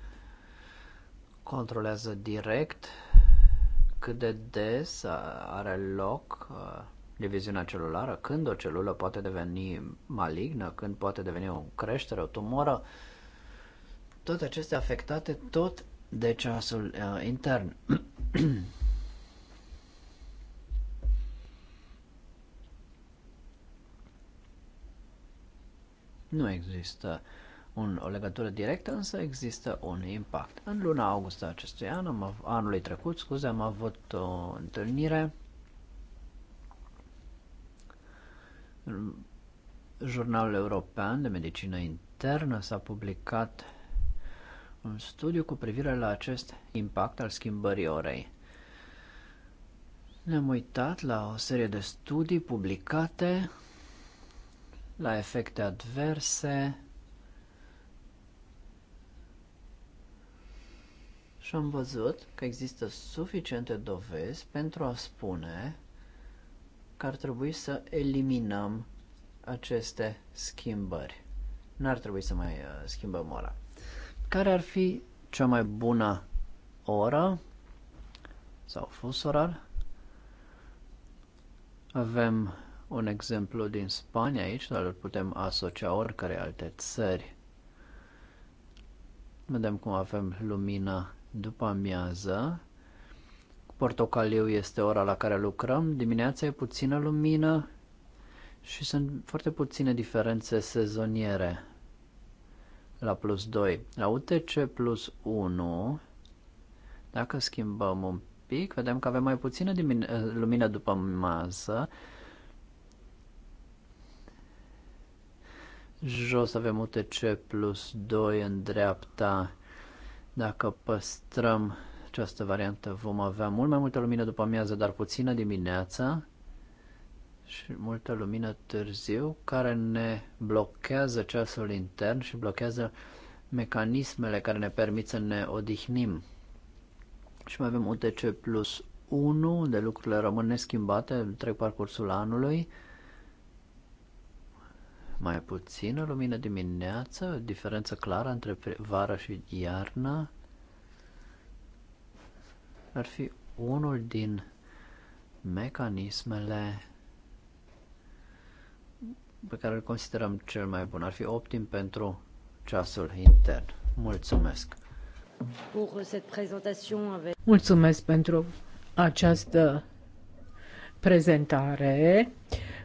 Controlează direct cât de des are loc uh, diviziunea celulară, când o celulă poate deveni malignă, când poate deveni o creștere, o tumoră, toate acestea afectate tot de ceasul uh, intern. nu există un, o legătură directă, însă există un impact. În luna august acestui an, am, anului trecut, scuze, am avut o întâlnire Jurnalul European de Medicină Internă s-a publicat un studiu cu privire la acest impact al schimbării orei. Ne-am uitat la o serie de studii publicate, la efecte adverse și am văzut că există suficiente dovezi pentru a spune că ar trebui să eliminăm aceste schimbări. N-ar trebui să mai uh, schimbăm ora. Care ar fi cea mai bună oră sau fus orar? Avem un exemplu din Spania aici, dar îl putem asocia oricare alte țări. Vedem cum avem lumina după amiază. Portocaliu este ora la care lucrăm, dimineața e puțină lumină și sunt foarte puține diferențe sezoniere la plus 2. La UTC plus 1, dacă schimbăm un pic, vedem că avem mai puțină lumină după masă. Jos avem UTC plus 2 în dreapta. Dacă păstrăm această variantă, vom avea mult mai multă lumină după amiază, dar puțină dimineața și multă lumină târziu care ne blochează ceasul intern și blochează mecanismele care ne permit să ne odihnim. Și mai avem UTC plus 1, de lucrurile rămân neschimbate, trec parcursul anului. Mai puțină lumină dimineață, o diferență clară între vara și iarna. Ar fi unul din mecanismele pe care îl considerăm cel mai bun. Ar fi optim pentru ceasul intern. Mulțumesc! Mulțumesc pentru această prezentare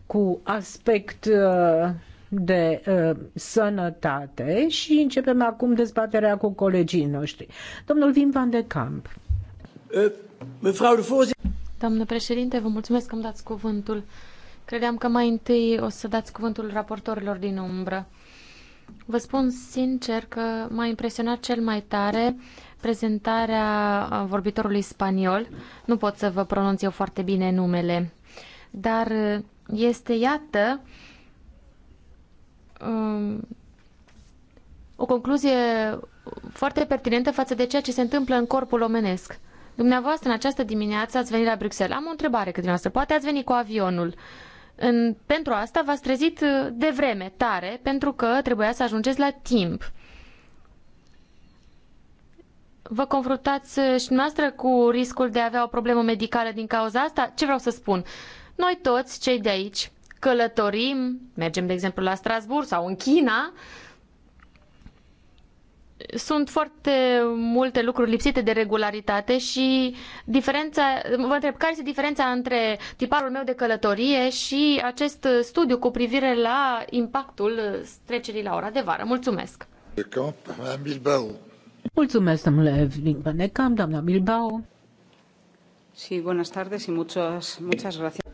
cu aspect uh, de uh, sănătate și începem acum dezbaterea cu colegii noștri. Domnul Vim van de Camp. Uh, eh, Doamnă președinte, vă mulțumesc că îmi dați cuvântul. Uh, Credeam că mai întâi o să dați cuvântul raportorilor din umbră. Vă spun sincer că m-a impresionat cel mai tare prezentarea vorbitorului spaniol. Nu pot să vă pronunț eu foarte bine numele, dar este, iată, um, o concluzie foarte pertinentă față de ceea ce se întâmplă în corpul omenesc. Dumneavoastră, în această dimineață ați venit la Bruxelles. Am o întrebare către dumneavoastră. Poate ați venit cu avionul. Uh, în, pentru asta v-ați trezit uh, de vreme tare, pentru că trebuia să ajungeți la timp. Vă confruntați uh, și noastră cu riscul de a avea o problemă medicală din cauza asta? Ce vreau să spun? Noi toți, cei de aici, călătorim, mergem, de exemplu, la Strasbourg sau în China, sunt foarte multe lucruri lipsite de regularitate și diferența, vă întreb, care este diferența între tiparul meu de călătorie și acest studiu cu privire la impactul trecerii la ora de vară? Mulțumesc! Mulțumesc, domnule Vinpanecam, doamna Bilbao. Sí, buenas tardes y muchas, muchas gracias.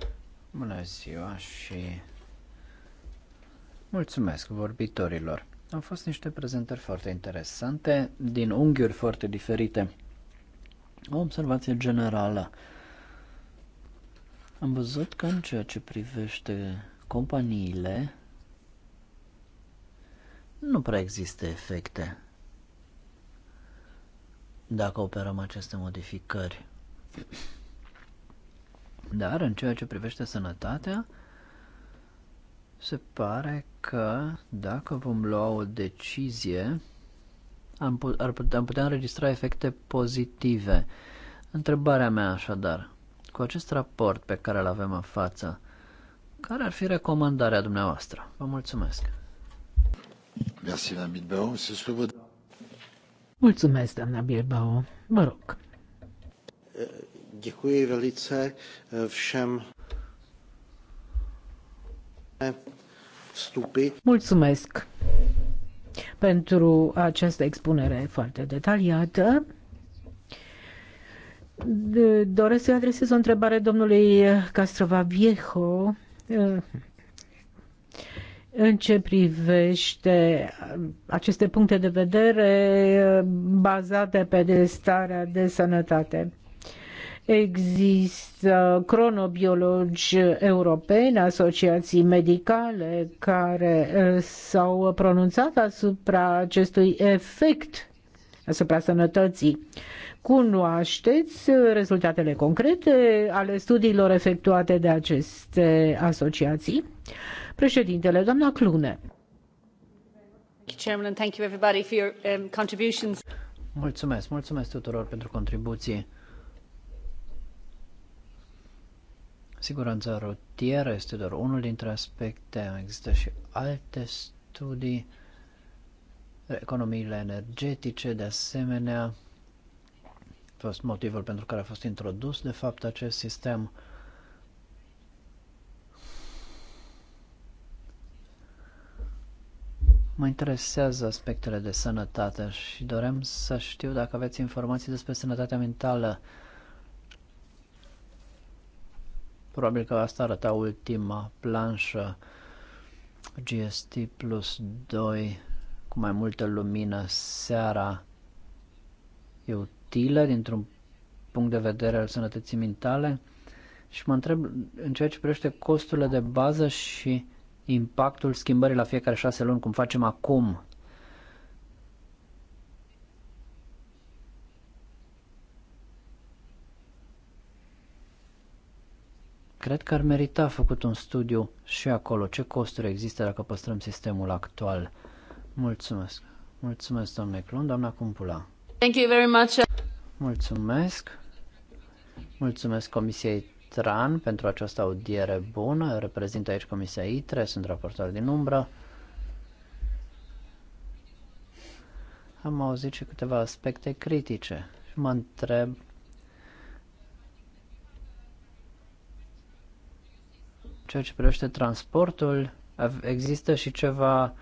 Bună ziua și mulțumesc vorbitorilor. Au fost niște prezentări foarte interesante, din unghiuri foarte diferite. O observație generală. Am văzut că în ceea ce privește companiile, nu prea există efecte dacă operăm aceste modificări. Dar în ceea ce privește sănătatea, se pare că dacă vom lua o decizie, am, put, ar putea, am putea înregistra efecte pozitive. Întrebarea mea așadar, cu acest raport pe care îl avem în față, care ar fi recomandarea dumneavoastră? Vă mulțumesc. Merci, doamna Bilbao. Mulțumesc, doamna Bilbao. Vă rog. Eh, děkuji velice eh, všem. Mulțumesc pentru această expunere foarte detaliată. Doresc să adresez o întrebare domnului Castrova Viejo eh, în ce privește aceste puncte de vedere eh, bazate pe starea de sănătate. Există cronobiologi europeni, asociații medicale care s-au pronunțat asupra acestui efect asupra sănătății. Cunoașteți rezultatele concrete ale studiilor efectuate de aceste asociații? Președintele, doamna Clune. Mulțumesc, mulțumesc tuturor pentru contribuții. Siguranța rutieră este doar unul dintre aspecte, există și alte studii, economiile energetice, de asemenea, a fost motivul pentru care a fost introdus, de fapt, acest sistem. Mă interesează aspectele de sănătate și dorem să știu dacă aveți informații despre sănătatea mentală Probabil că asta arăta ultima planșă GST plus 2 cu mai multă lumină seara e utilă dintr-un punct de vedere al sănătății mentale și mă întreb în ceea ce privește costurile de bază și impactul schimbării la fiecare șase luni, cum facem acum. Cred că ar merita făcut un studiu și acolo ce costuri există dacă păstrăm sistemul actual. Mulțumesc. Mulțumesc, domnule Clon, doamna Cumpula. Thank you very much. Mulțumesc. Mulțumesc Comisiei Tran pentru această audiere bună. Reprezint aici Comisia ITRE, sunt raportor din umbră. Am auzit și câteva aspecte critice și mă întreb ceea ce privește transportul, există și ceva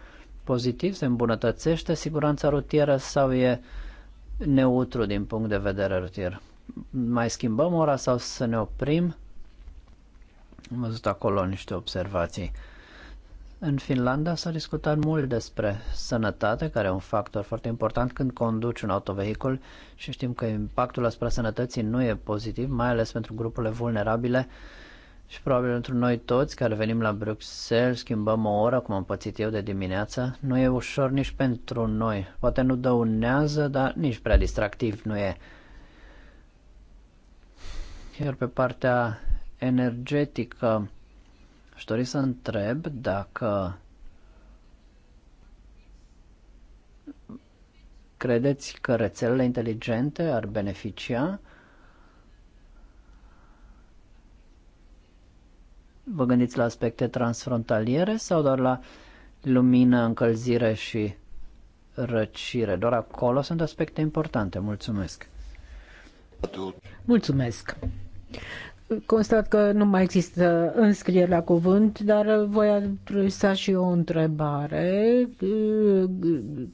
pozitiv? Se îmbunătățește siguranța rutieră sau e neutru din punct de vedere rutier? Mai schimbăm ora sau să ne oprim? Am văzut acolo niște observații. În Finlanda s-a discutat mult despre sănătate, care e un factor foarte important când conduci un autovehicul și știm că impactul asupra sănătății nu e pozitiv, mai ales pentru grupurile vulnerabile și probabil pentru noi toți care venim la Bruxelles, schimbăm o oră, cum am pățit eu de dimineață, nu e ușor nici pentru noi. Poate nu dăunează, dar nici prea distractiv nu e. Iar pe partea energetică, aș dori să întreb dacă credeți că rețelele inteligente ar beneficia Vă gândiți la aspecte transfrontaliere sau doar la lumină, încălzire și răcire? Doar acolo sunt aspecte importante. Mulțumesc! Mulțumesc! Constat că nu mai există înscrieri la cuvânt, dar voi adresa și o întrebare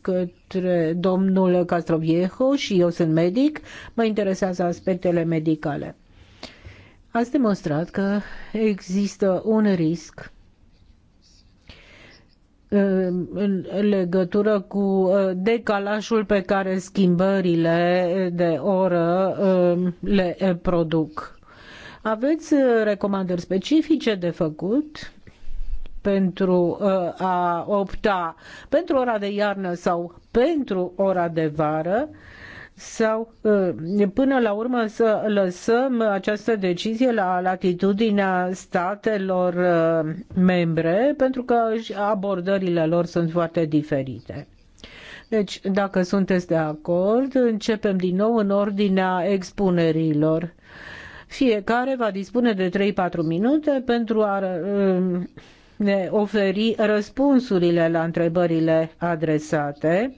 către domnul Castroviejo și eu sunt medic. Mă interesează aspectele medicale. Ați demonstrat că există un risc uh, în legătură cu uh, decalajul pe care schimbările de oră uh, le produc. Aveți recomandări specifice de făcut pentru a opta pentru ora de iarnă sau pentru ora de vară? sau uh, până la urmă să lăsăm această decizie la latitudinea statelor uh, membre pentru că abordările lor sunt foarte diferite. Deci, dacă sunteți de acord, începem din nou în ordinea expunerilor. Fiecare va dispune de 3-4 minute pentru a uh, ne oferi răspunsurile la întrebările adresate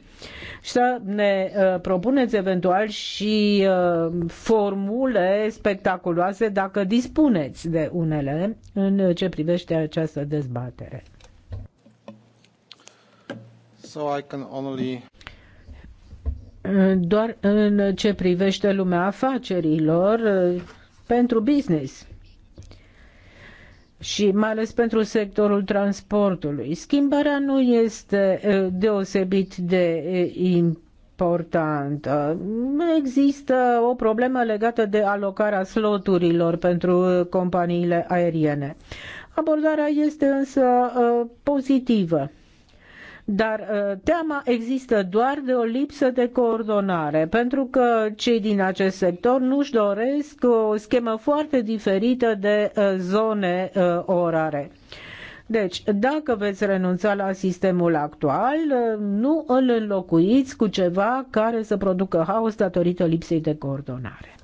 și să ne uh, propuneți eventual și uh, formule spectaculoase dacă dispuneți de unele în ce privește această dezbatere. So I can only... Doar în ce privește lumea afacerilor uh, pentru business și mai ales pentru sectorul transportului. Schimbarea nu este deosebit de importantă. Există o problemă legată de alocarea sloturilor pentru companiile aeriene. Abordarea este însă pozitivă. Dar uh, teama există doar de o lipsă de coordonare, pentru că cei din acest sector nu-și doresc o schemă foarte diferită de uh, zone uh, orare. Deci, dacă veți renunța la sistemul actual, nu îl înlocuiți cu ceva care să producă haos datorită lipsei de coordonare.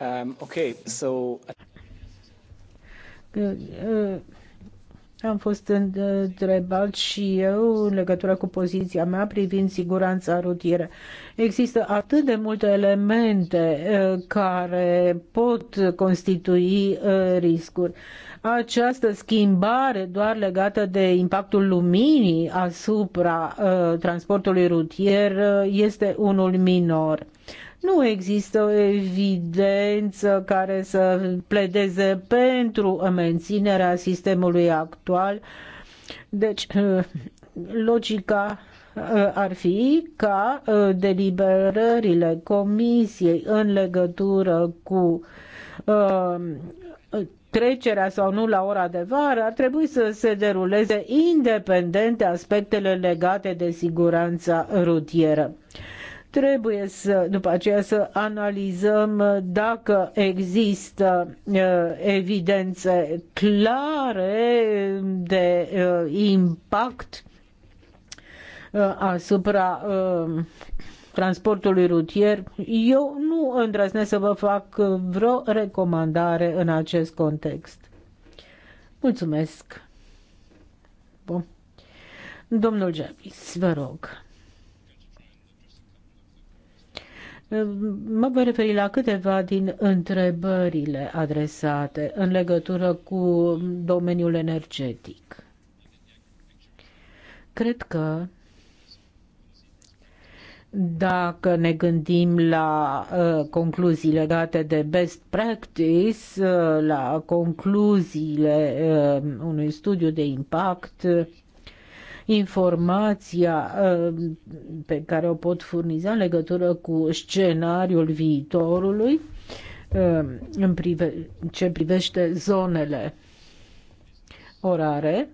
Um, okay, so... Uh, am fost întrebat și eu în legătură cu poziția mea privind siguranța rutieră. Există atât de multe elemente uh, care pot constitui uh, riscuri. Această schimbare doar legată de impactul luminii asupra transportului rutier este unul minor. Nu există o evidență care să pledeze pentru menținerea sistemului actual. Deci, logica uh, ar fi ca uh, deliberările comisiei în legătură cu uh, trecerea sau nu la ora de vară ar trebui să se deruleze independent de aspectele legate de siguranța rutieră. Trebuie să, după aceea să analizăm dacă există uh, evidențe clare de uh, impact uh, asupra transportului rutier. Eu nu îndrăznesc să vă fac vreo recomandare în acest context. Mulțumesc. Bun. Domnul Javis, vă rog. Mă voi referi la câteva din întrebările adresate în legătură cu domeniul energetic. Cred că dacă ne gândim la uh, concluzii legate de best practice, uh, la concluziile uh, unui studiu de impact, informația uh, pe care o pot furniza în legătură cu scenariul viitorului uh, în prive- ce privește zonele orare.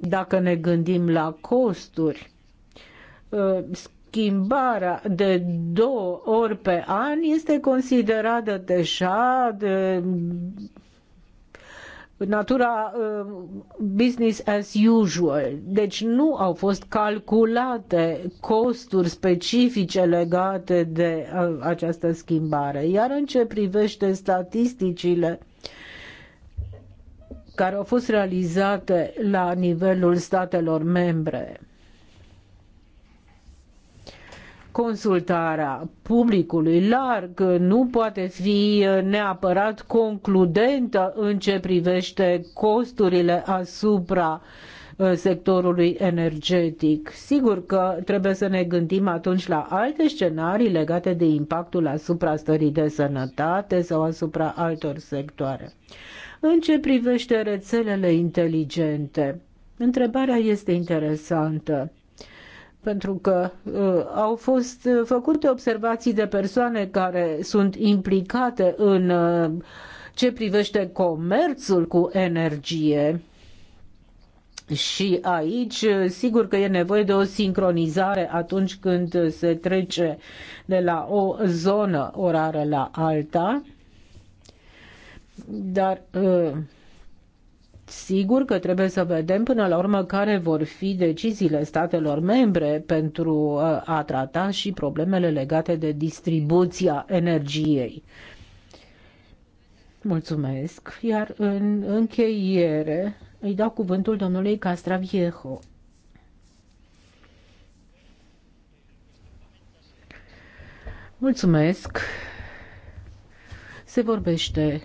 Dacă ne gândim la costuri, uh, schimbarea de două ori pe an este considerată deja de natura uh, business as usual. Deci nu au fost calculate costuri specifice legate de uh, această schimbare. Iar în ce privește statisticile care au fost realizate la nivelul statelor membre, consultarea publicului larg nu poate fi neapărat concludentă în ce privește costurile asupra uh, sectorului energetic. Sigur că trebuie să ne gândim atunci la alte scenarii legate de impactul asupra stării de sănătate sau asupra altor sectoare. În ce privește rețelele inteligente, întrebarea este interesantă pentru că uh, au fost uh, făcute observații de persoane care sunt implicate în uh, ce privește comerțul cu energie. Și aici, sigur că e nevoie de o sincronizare atunci când se trece de la o zonă orară la alta. Dar Sigur că trebuie să vedem până la urmă care vor fi deciziile statelor membre pentru uh, a trata și problemele legate de distribuția energiei. Mulțumesc. Iar în încheiere îi dau cuvântul domnului Castraviejo. Mulțumesc. Se vorbește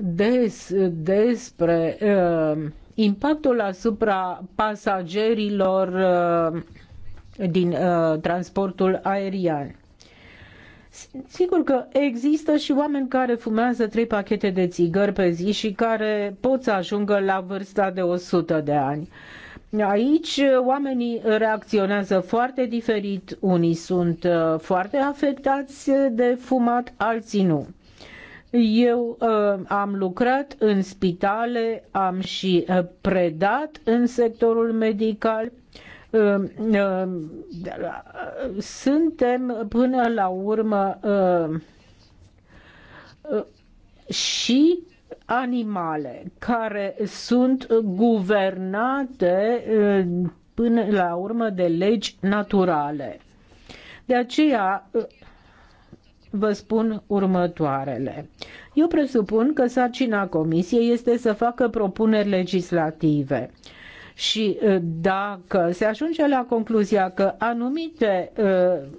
des despre uh, impactul asupra pasagerilor uh, din uh, transportul aerian. Sigur că există și oameni care fumează trei pachete de țigări pe zi și care pot să ajungă la vârsta de 100 de ani. Aici oamenii reacționează foarte diferit, unii sunt uh, foarte afectați de fumat, alții nu. Eu uh, am lucrat în spitale, am și uh, predat în sectorul medical. Uh, uh, suntem până la urmă uh, uh, și animale care sunt guvernate uh, până la urmă de legi naturale. De aceea uh, vă spun următoarele. Eu presupun că sarcina Comisiei este să facă propuneri legislative și eh, dacă se ajunge la concluzia că anumite uh,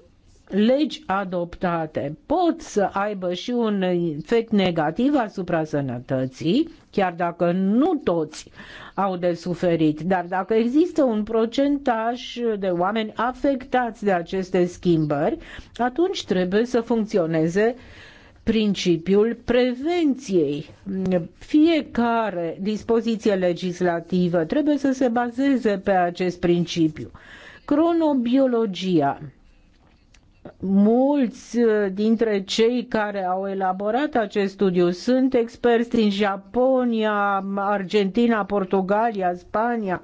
legi adoptate pot să aibă și un efect negativ asupra sănătății, chiar dacă nu toți au de suferit, dar dacă există un procentaj de oameni afectați de aceste schimbări, atunci trebuie să funcționeze principiul prevenției. Fiecare dispoziție legislativă trebuie să se bazeze pe acest principiu. Cronobiologia mulți uh, dintre cei care au elaborat acest studiu sunt experți din Japonia, Argentina, Portugalia, Spania.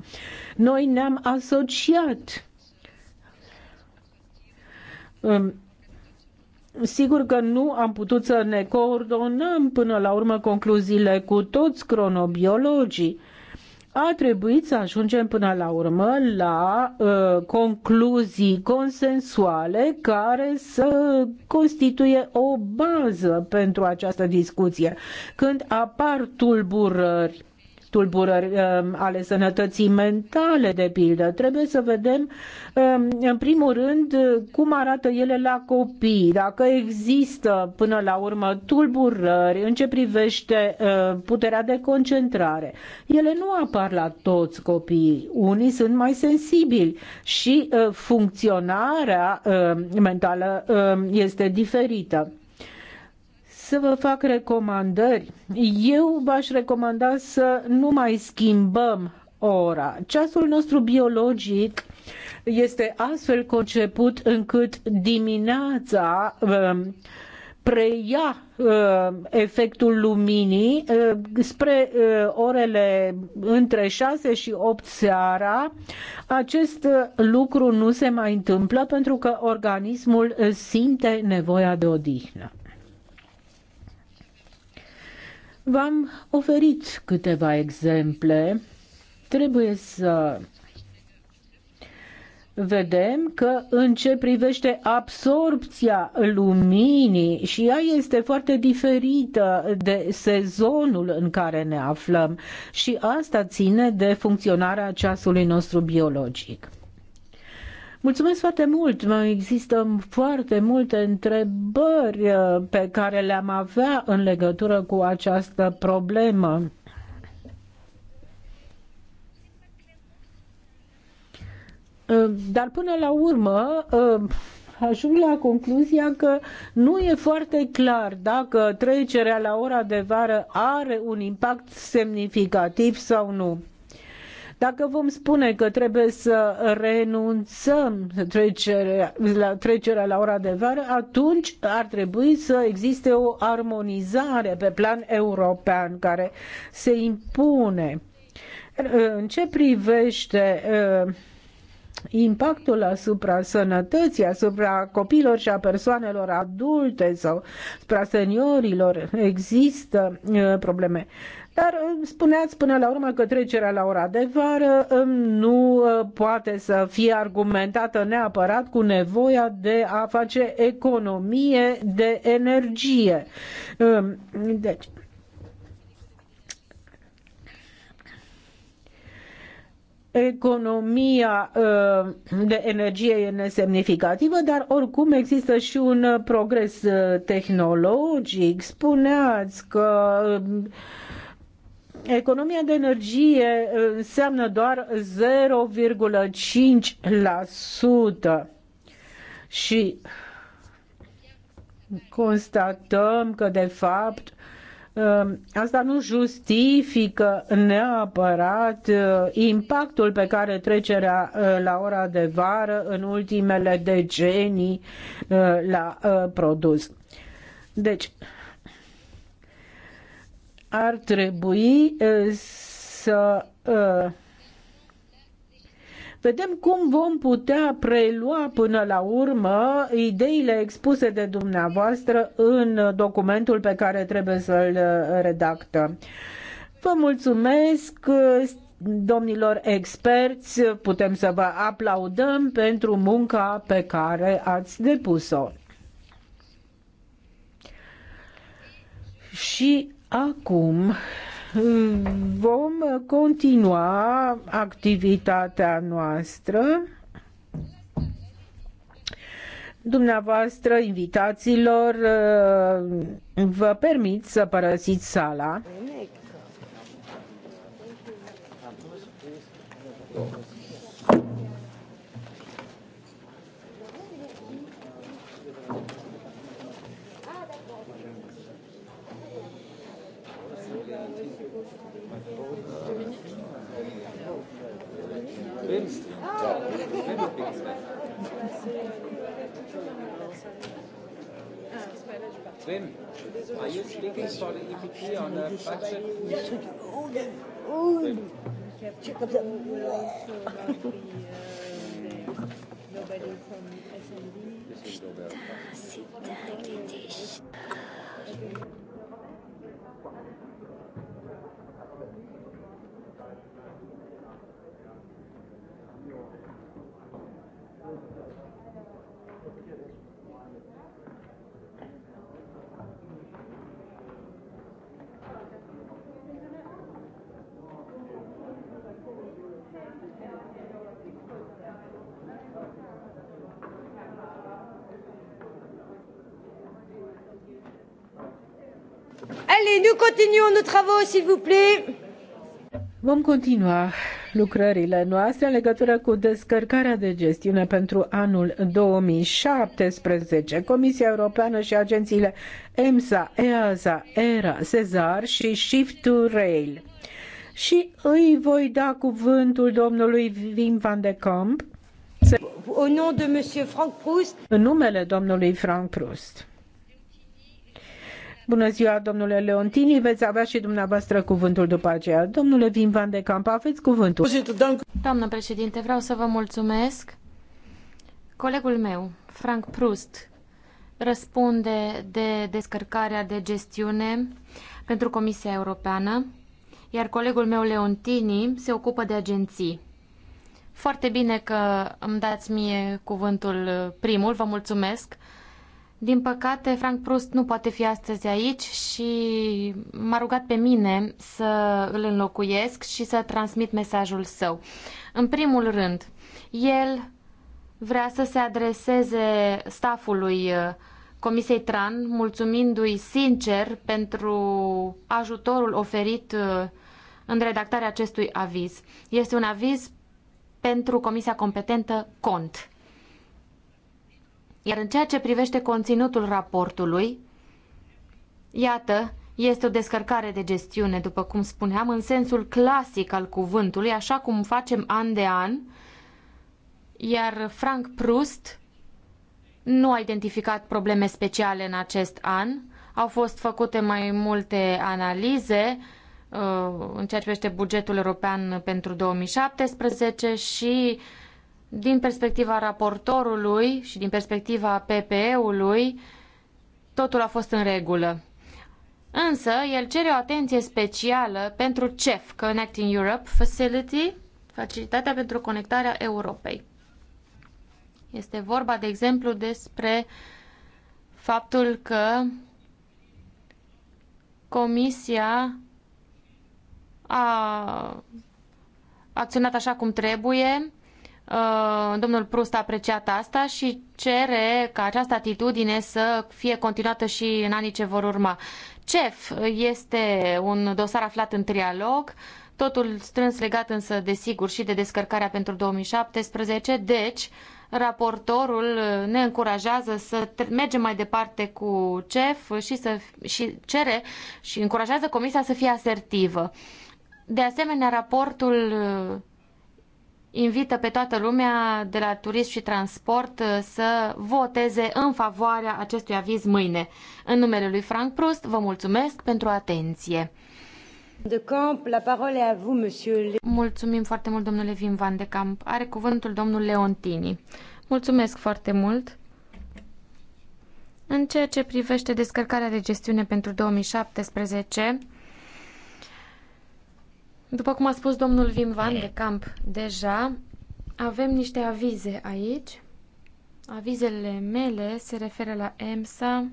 Noi ne-am asociat. Um, sigur că nu am putut să ne coordonăm până la urmă concluziile cu toți cronobiologii, a trebuit să ajungem până la urmă la uh, concluzii consensuale care să constituie o bază pentru această discuție. Când apar tulburări, tulburări um, ale sănătății mentale, de pildă. Trebuie să vedem, um, în primul rând, cum arată ele la copii, dacă există până la urmă tulburări în ce privește uh, puterea de concentrare. Ele nu apar la toți copiii. Unii sunt mai sensibili și uh, funcționarea um, mentală este diferită să vă fac recomandări. Eu v-aș recomanda să nu mai schimbăm ora. Ceasul nostru biologic este astfel conceput încât dimineața um, preia um, efectul luminii um, spre uh, orele între 6 și 8 seara. Acest uh, lucru nu se mai întâmplă pentru că organismul simte nevoia de odihnă. V-am oferit câteva exemple. Trebuie să vedem că în ce privește absorpția luminii și ea este foarte diferită de sezonul în care ne aflăm și asta ține de funcționarea ceasului nostru biologic. Mulțumesc foarte mult! Există foarte multe întrebări uh, pe care le-am avea în legătură cu această problemă. Uh, dar până la urmă, uh, ajung la concluzia că nu e foarte clar dacă trecerea la ora de vară are un impact semnificativ sau nu. Dacă vom spune că trebuie să renunțăm trecerea, la trecerea la ora de vară, atunci ar trebui să existe o armonizare pe plan european care se impune. În ce privește uh, impactul asupra sănătății, asupra copilor și a persoanelor adulte sau asupra seniorilor există uh, probleme. Dar uh, spuneați până la urmă că trecerea la ora de vară um, nu uh, poate să fie argumentată neapărat cu nevoia de a face economie de energie. Um, deci, economia uh, de energie e nesemnificativă, dar oricum există și un progres tehnologic. Spuneați că um, economia de energie uh, înseamnă doar 0,5% și constatăm că de fapt um, asta nu justifică neapărat uh, impactul pe care trecerea uh, la ora de vară în ultimele decenii l-a produs. Deci, ar trebui să vedem cum vom putea prelua până la urmă ideile expuse de dumneavoastră în documentul pe care trebuie să-l redactăm. Vă mulțumesc, domnilor experți, putem să vă aplaudăm pentru munca pe care ați depus-o. Și Acum vom continua activitatea noastră. Dumneavoastră, invitațiilor, vă permit să părăsiți sala. Sven, are you speaking for the EPP on the budget? Check up the will also not be uh, nobody from SND. Thank you. Allez, nous continuons nos travaux, s'il vous plaît. Vom continua lucrările noastre în legătură cu descărcarea de gestiune pentru anul 2017. Comisia Europeană și agențiile EMSA, EASA, ERA, Cezar și Shift to Rail. Și îi voi da cuvântul domnului Wim van de Kamp. Au nom de Monsieur Frank Proust. În numele domnului Frank Proust. Bună ziua, domnule Leontini, veți avea și dumneavoastră cuvântul după aceea. Domnule Vin Van de Camp, aveți cuvântul. Doamnă președinte, vreau să vă mulțumesc. Colegul meu, Frank Prust, răspunde de descărcarea de gestiune pentru Comisia Europeană, iar colegul meu, Leontini, se ocupă de agenții. Foarte bine că îmi dați mie cuvântul primul, vă mulțumesc. Din păcate, Frank Prost nu poate fi astăzi aici și m-a rugat pe mine să îl înlocuiesc și să transmit mesajul său. În primul rând, el vrea să se adreseze stafului uh, Comisiei Tran, mulțumindu-i sincer pentru ajutorul oferit uh, în redactarea acestui aviz. Este un aviz pentru Comisia Competentă CONT. Iar în ceea ce privește conținutul raportului, iată, este o descărcare de gestiune, după cum spuneam, în sensul clasic al cuvântului, așa cum facem an de an, iar Frank Proust nu a identificat probleme speciale în acest an. Au fost făcute mai multe analize uh, în ceea ce privește bugetul european pentru 2017 și uh, din perspectiva raportorului și din perspectiva PPE-ului, totul a fost în regulă. Însă, el cere o atenție specială pentru CEF, Connecting Europe Facility, Facilitatea pentru Conectarea Europei. Este vorba, de exemplu, despre faptul că Comisia a acționat așa cum trebuie, Uh, domnul Prust a apreciat asta și cere ca această atitudine să fie continuată și în anii ce vor urma. CEF este un dosar aflat în trialog, totul strâns legat însă, desigur, și de descărcarea pentru 2017, deci raportorul ne încurajează să mergem mai departe cu CEF și, să, și cere și încurajează Comisia să fie asertivă. De asemenea, raportul invită pe toată lumea de la turism și transport uh, să voteze în favoarea acestui aviz mâine. În numele lui Frank Prost, vă mulțumesc pentru atenție. De Camp, la parole a vous, monsieur. Mulțumim foarte mult, domnule Vim Van de Camp. Are cuvântul domnul Leontini. Mulțumesc foarte mult. În ceea ce privește descărcarea de gestiune pentru 2017, după cum a spus domnul Wim Van de Camp deja, avem niște avize aici. Avizele mele se referă la EMSA,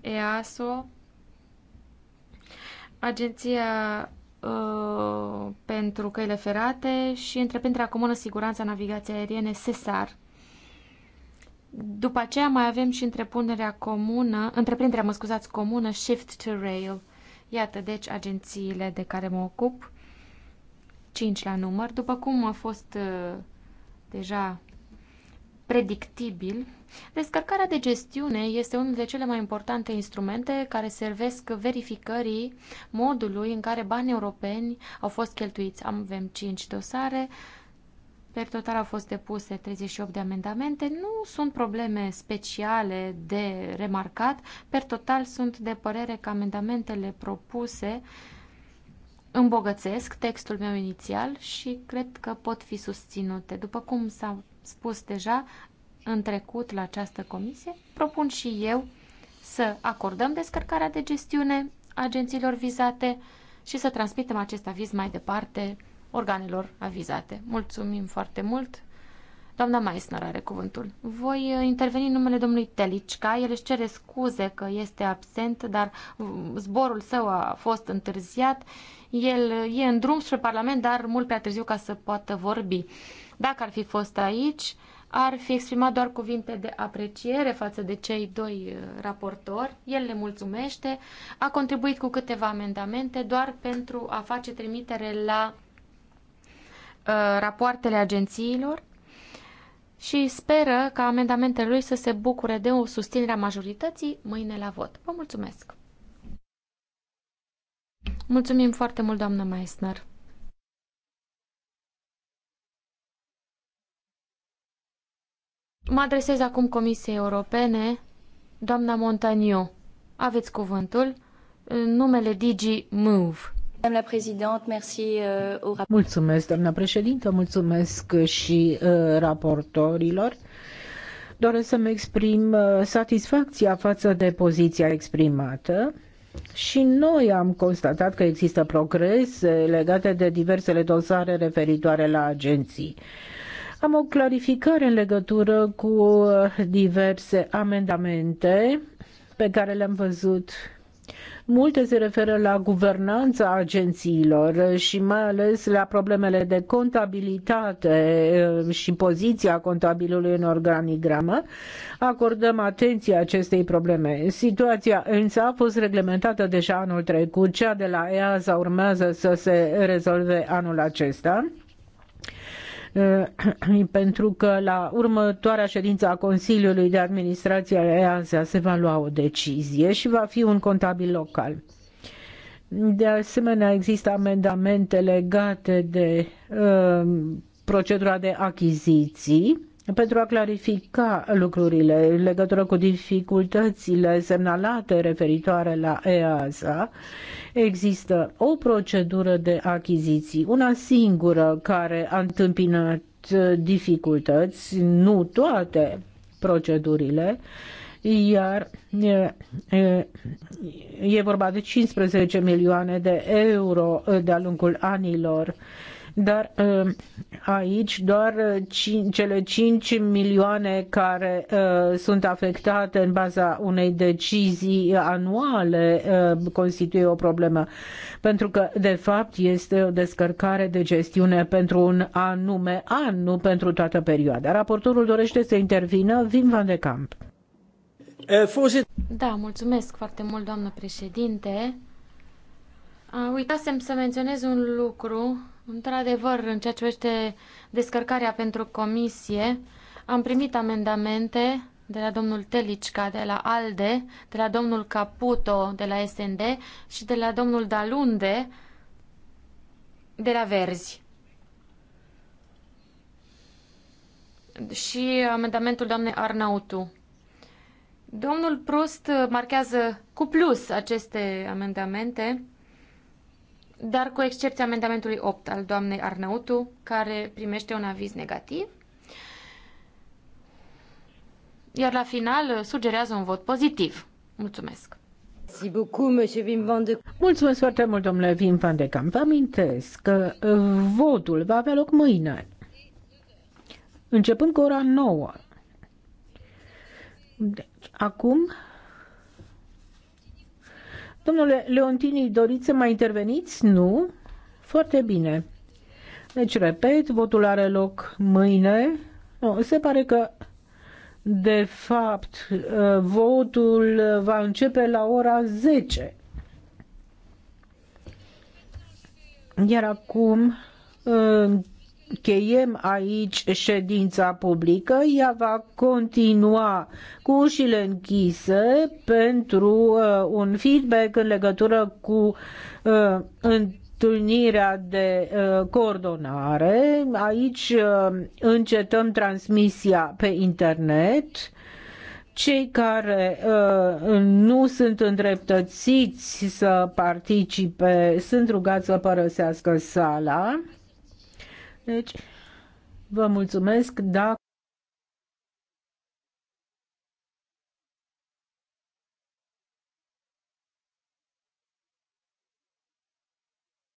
EASO, Agenția uh, pentru Căile Ferate și Întreprinderea Comună Siguranța Navigației Aeriene, SESAR. După aceea mai avem și întreprinderea comună, întreprinderea, mă scuzați, comună Shift to Rail. Iată, deci, agențiile de care mă ocup. 5 la număr, după cum a fost uh, deja predictibil, descărcarea de gestiune este unul de cele mai importante instrumente care servesc verificării modului în care banii europeni au fost cheltuiți. Avem 5 dosare, Per total au fost depuse 38 de amendamente. Nu sunt probleme speciale de remarcat. Per total sunt de părere că amendamentele propuse uh, îmbogățesc textul meu inițial și cred că pot fi susținute. După cum s-a spus deja în trecut la această comisie, propun și eu să acordăm descărcarea de gestiune agențiilor vizate și să transmitem acest aviz mai departe organelor avizate. Mulțumim foarte mult! Doamna Meissner are cuvântul. Voi uh, interveni în numele domnului Telicca. El își cere scuze că este absent, dar zborul său a fost întârziat. El e în drum spre Parlament, dar mult prea târziu ca să poată vorbi. Dacă ar fi fost aici, ar fi exprimat doar cuvinte de apreciere față de cei doi uh, raportori. El le mulțumește. A contribuit cu câteva amendamente doar pentru a face trimitere la uh, rapoartele agențiilor și speră ca amendamentele lui să se bucure de o susținere a majorității mâine la vot. Vă mulțumesc! Mulțumim foarte mult, doamnă Meissner. Mă adresez acum Comisiei Europene. Doamna Montaniu, aveți cuvântul. Numele Digi Move. Uh, mulțumesc, doamna președintă, mulțumesc și uh, raportorilor. Doresc să-mi exprim uh, satisfacția față de poziția exprimată. Și noi am constatat că există progrese legate de diversele dosare referitoare la agenții. Am o clarificare în legătură cu diverse amendamente pe care le-am văzut Multe se referă la guvernanța agențiilor și mai ales la problemele de contabilitate eh, și poziția contabilului în organigramă. Acordăm atenție acestei probleme. Situația însă a fost reglementată deja anul trecut. Cea de la EASA urmează să se rezolve anul acesta. Eh, pentru că la următoarea ședință a Consiliului de Administrație a EASA se va lua o decizie și va fi un contabil local. De asemenea, există amendamente legate de uh, procedura de achiziții pentru a clarifica lucrurile în legătură cu dificultățile semnalate referitoare la EASA Există o procedură de achiziții, una singură care a întâmpinat uh, dificultăți, nu toate procedurile, iar e, uh, uh, e vorba de 15 milioane de euro de-a lungul anilor dar uh, aici doar uh, cele 5 milioane care uh, sunt afectate în baza unei decizii anuale constituie o problemă. Pentru că, de fapt, este o descărcare de gestiune pentru un anume an, nu pentru toată perioada. Raportorul dorește să intervină. Vin Van de Camp. Eh, da, mulțumesc foarte mult, doamnă președinte. Uitasem să menționez un lucru Într-adevăr, în ceea ce privește descărcarea pentru comisie, am primit amendamente de la domnul Telicca, de la ALDE, de la domnul Caputo, de la SND și de la domnul Dalunde, de la Verzi. Și amendamentul doamnei Arnautu. Domnul Prost marchează cu plus aceste amendamente dar cu excepția amendamentului 8 al doamnei Arnautu, care primește un aviz negativ. Iar la final uh, sugerează un vot pozitiv. Mulțumesc! Mulțumesc foarte mult, domnule Vim Van de Camp. Vă amintesc că uh, votul va avea loc mâine, începând cu ora 9. Deci, acum Domnule Leontini, doriți să mai interveniți? Nu? Foarte bine. Deci, repet, votul are loc mâine. No, se pare că, de fapt, uh, votul uh, va începe la ora 10. Iar acum uh, Cheiem aici ședința publică. Ea va continua cu ușile închise pentru uh, un feedback în legătură cu uh, întâlnirea de uh, coordonare. Aici uh, încetăm transmisia pe internet cei care uh, nu sunt îndreptățiți să participe sunt rugați să părăsească sala. Deci, vă mulțumesc dacă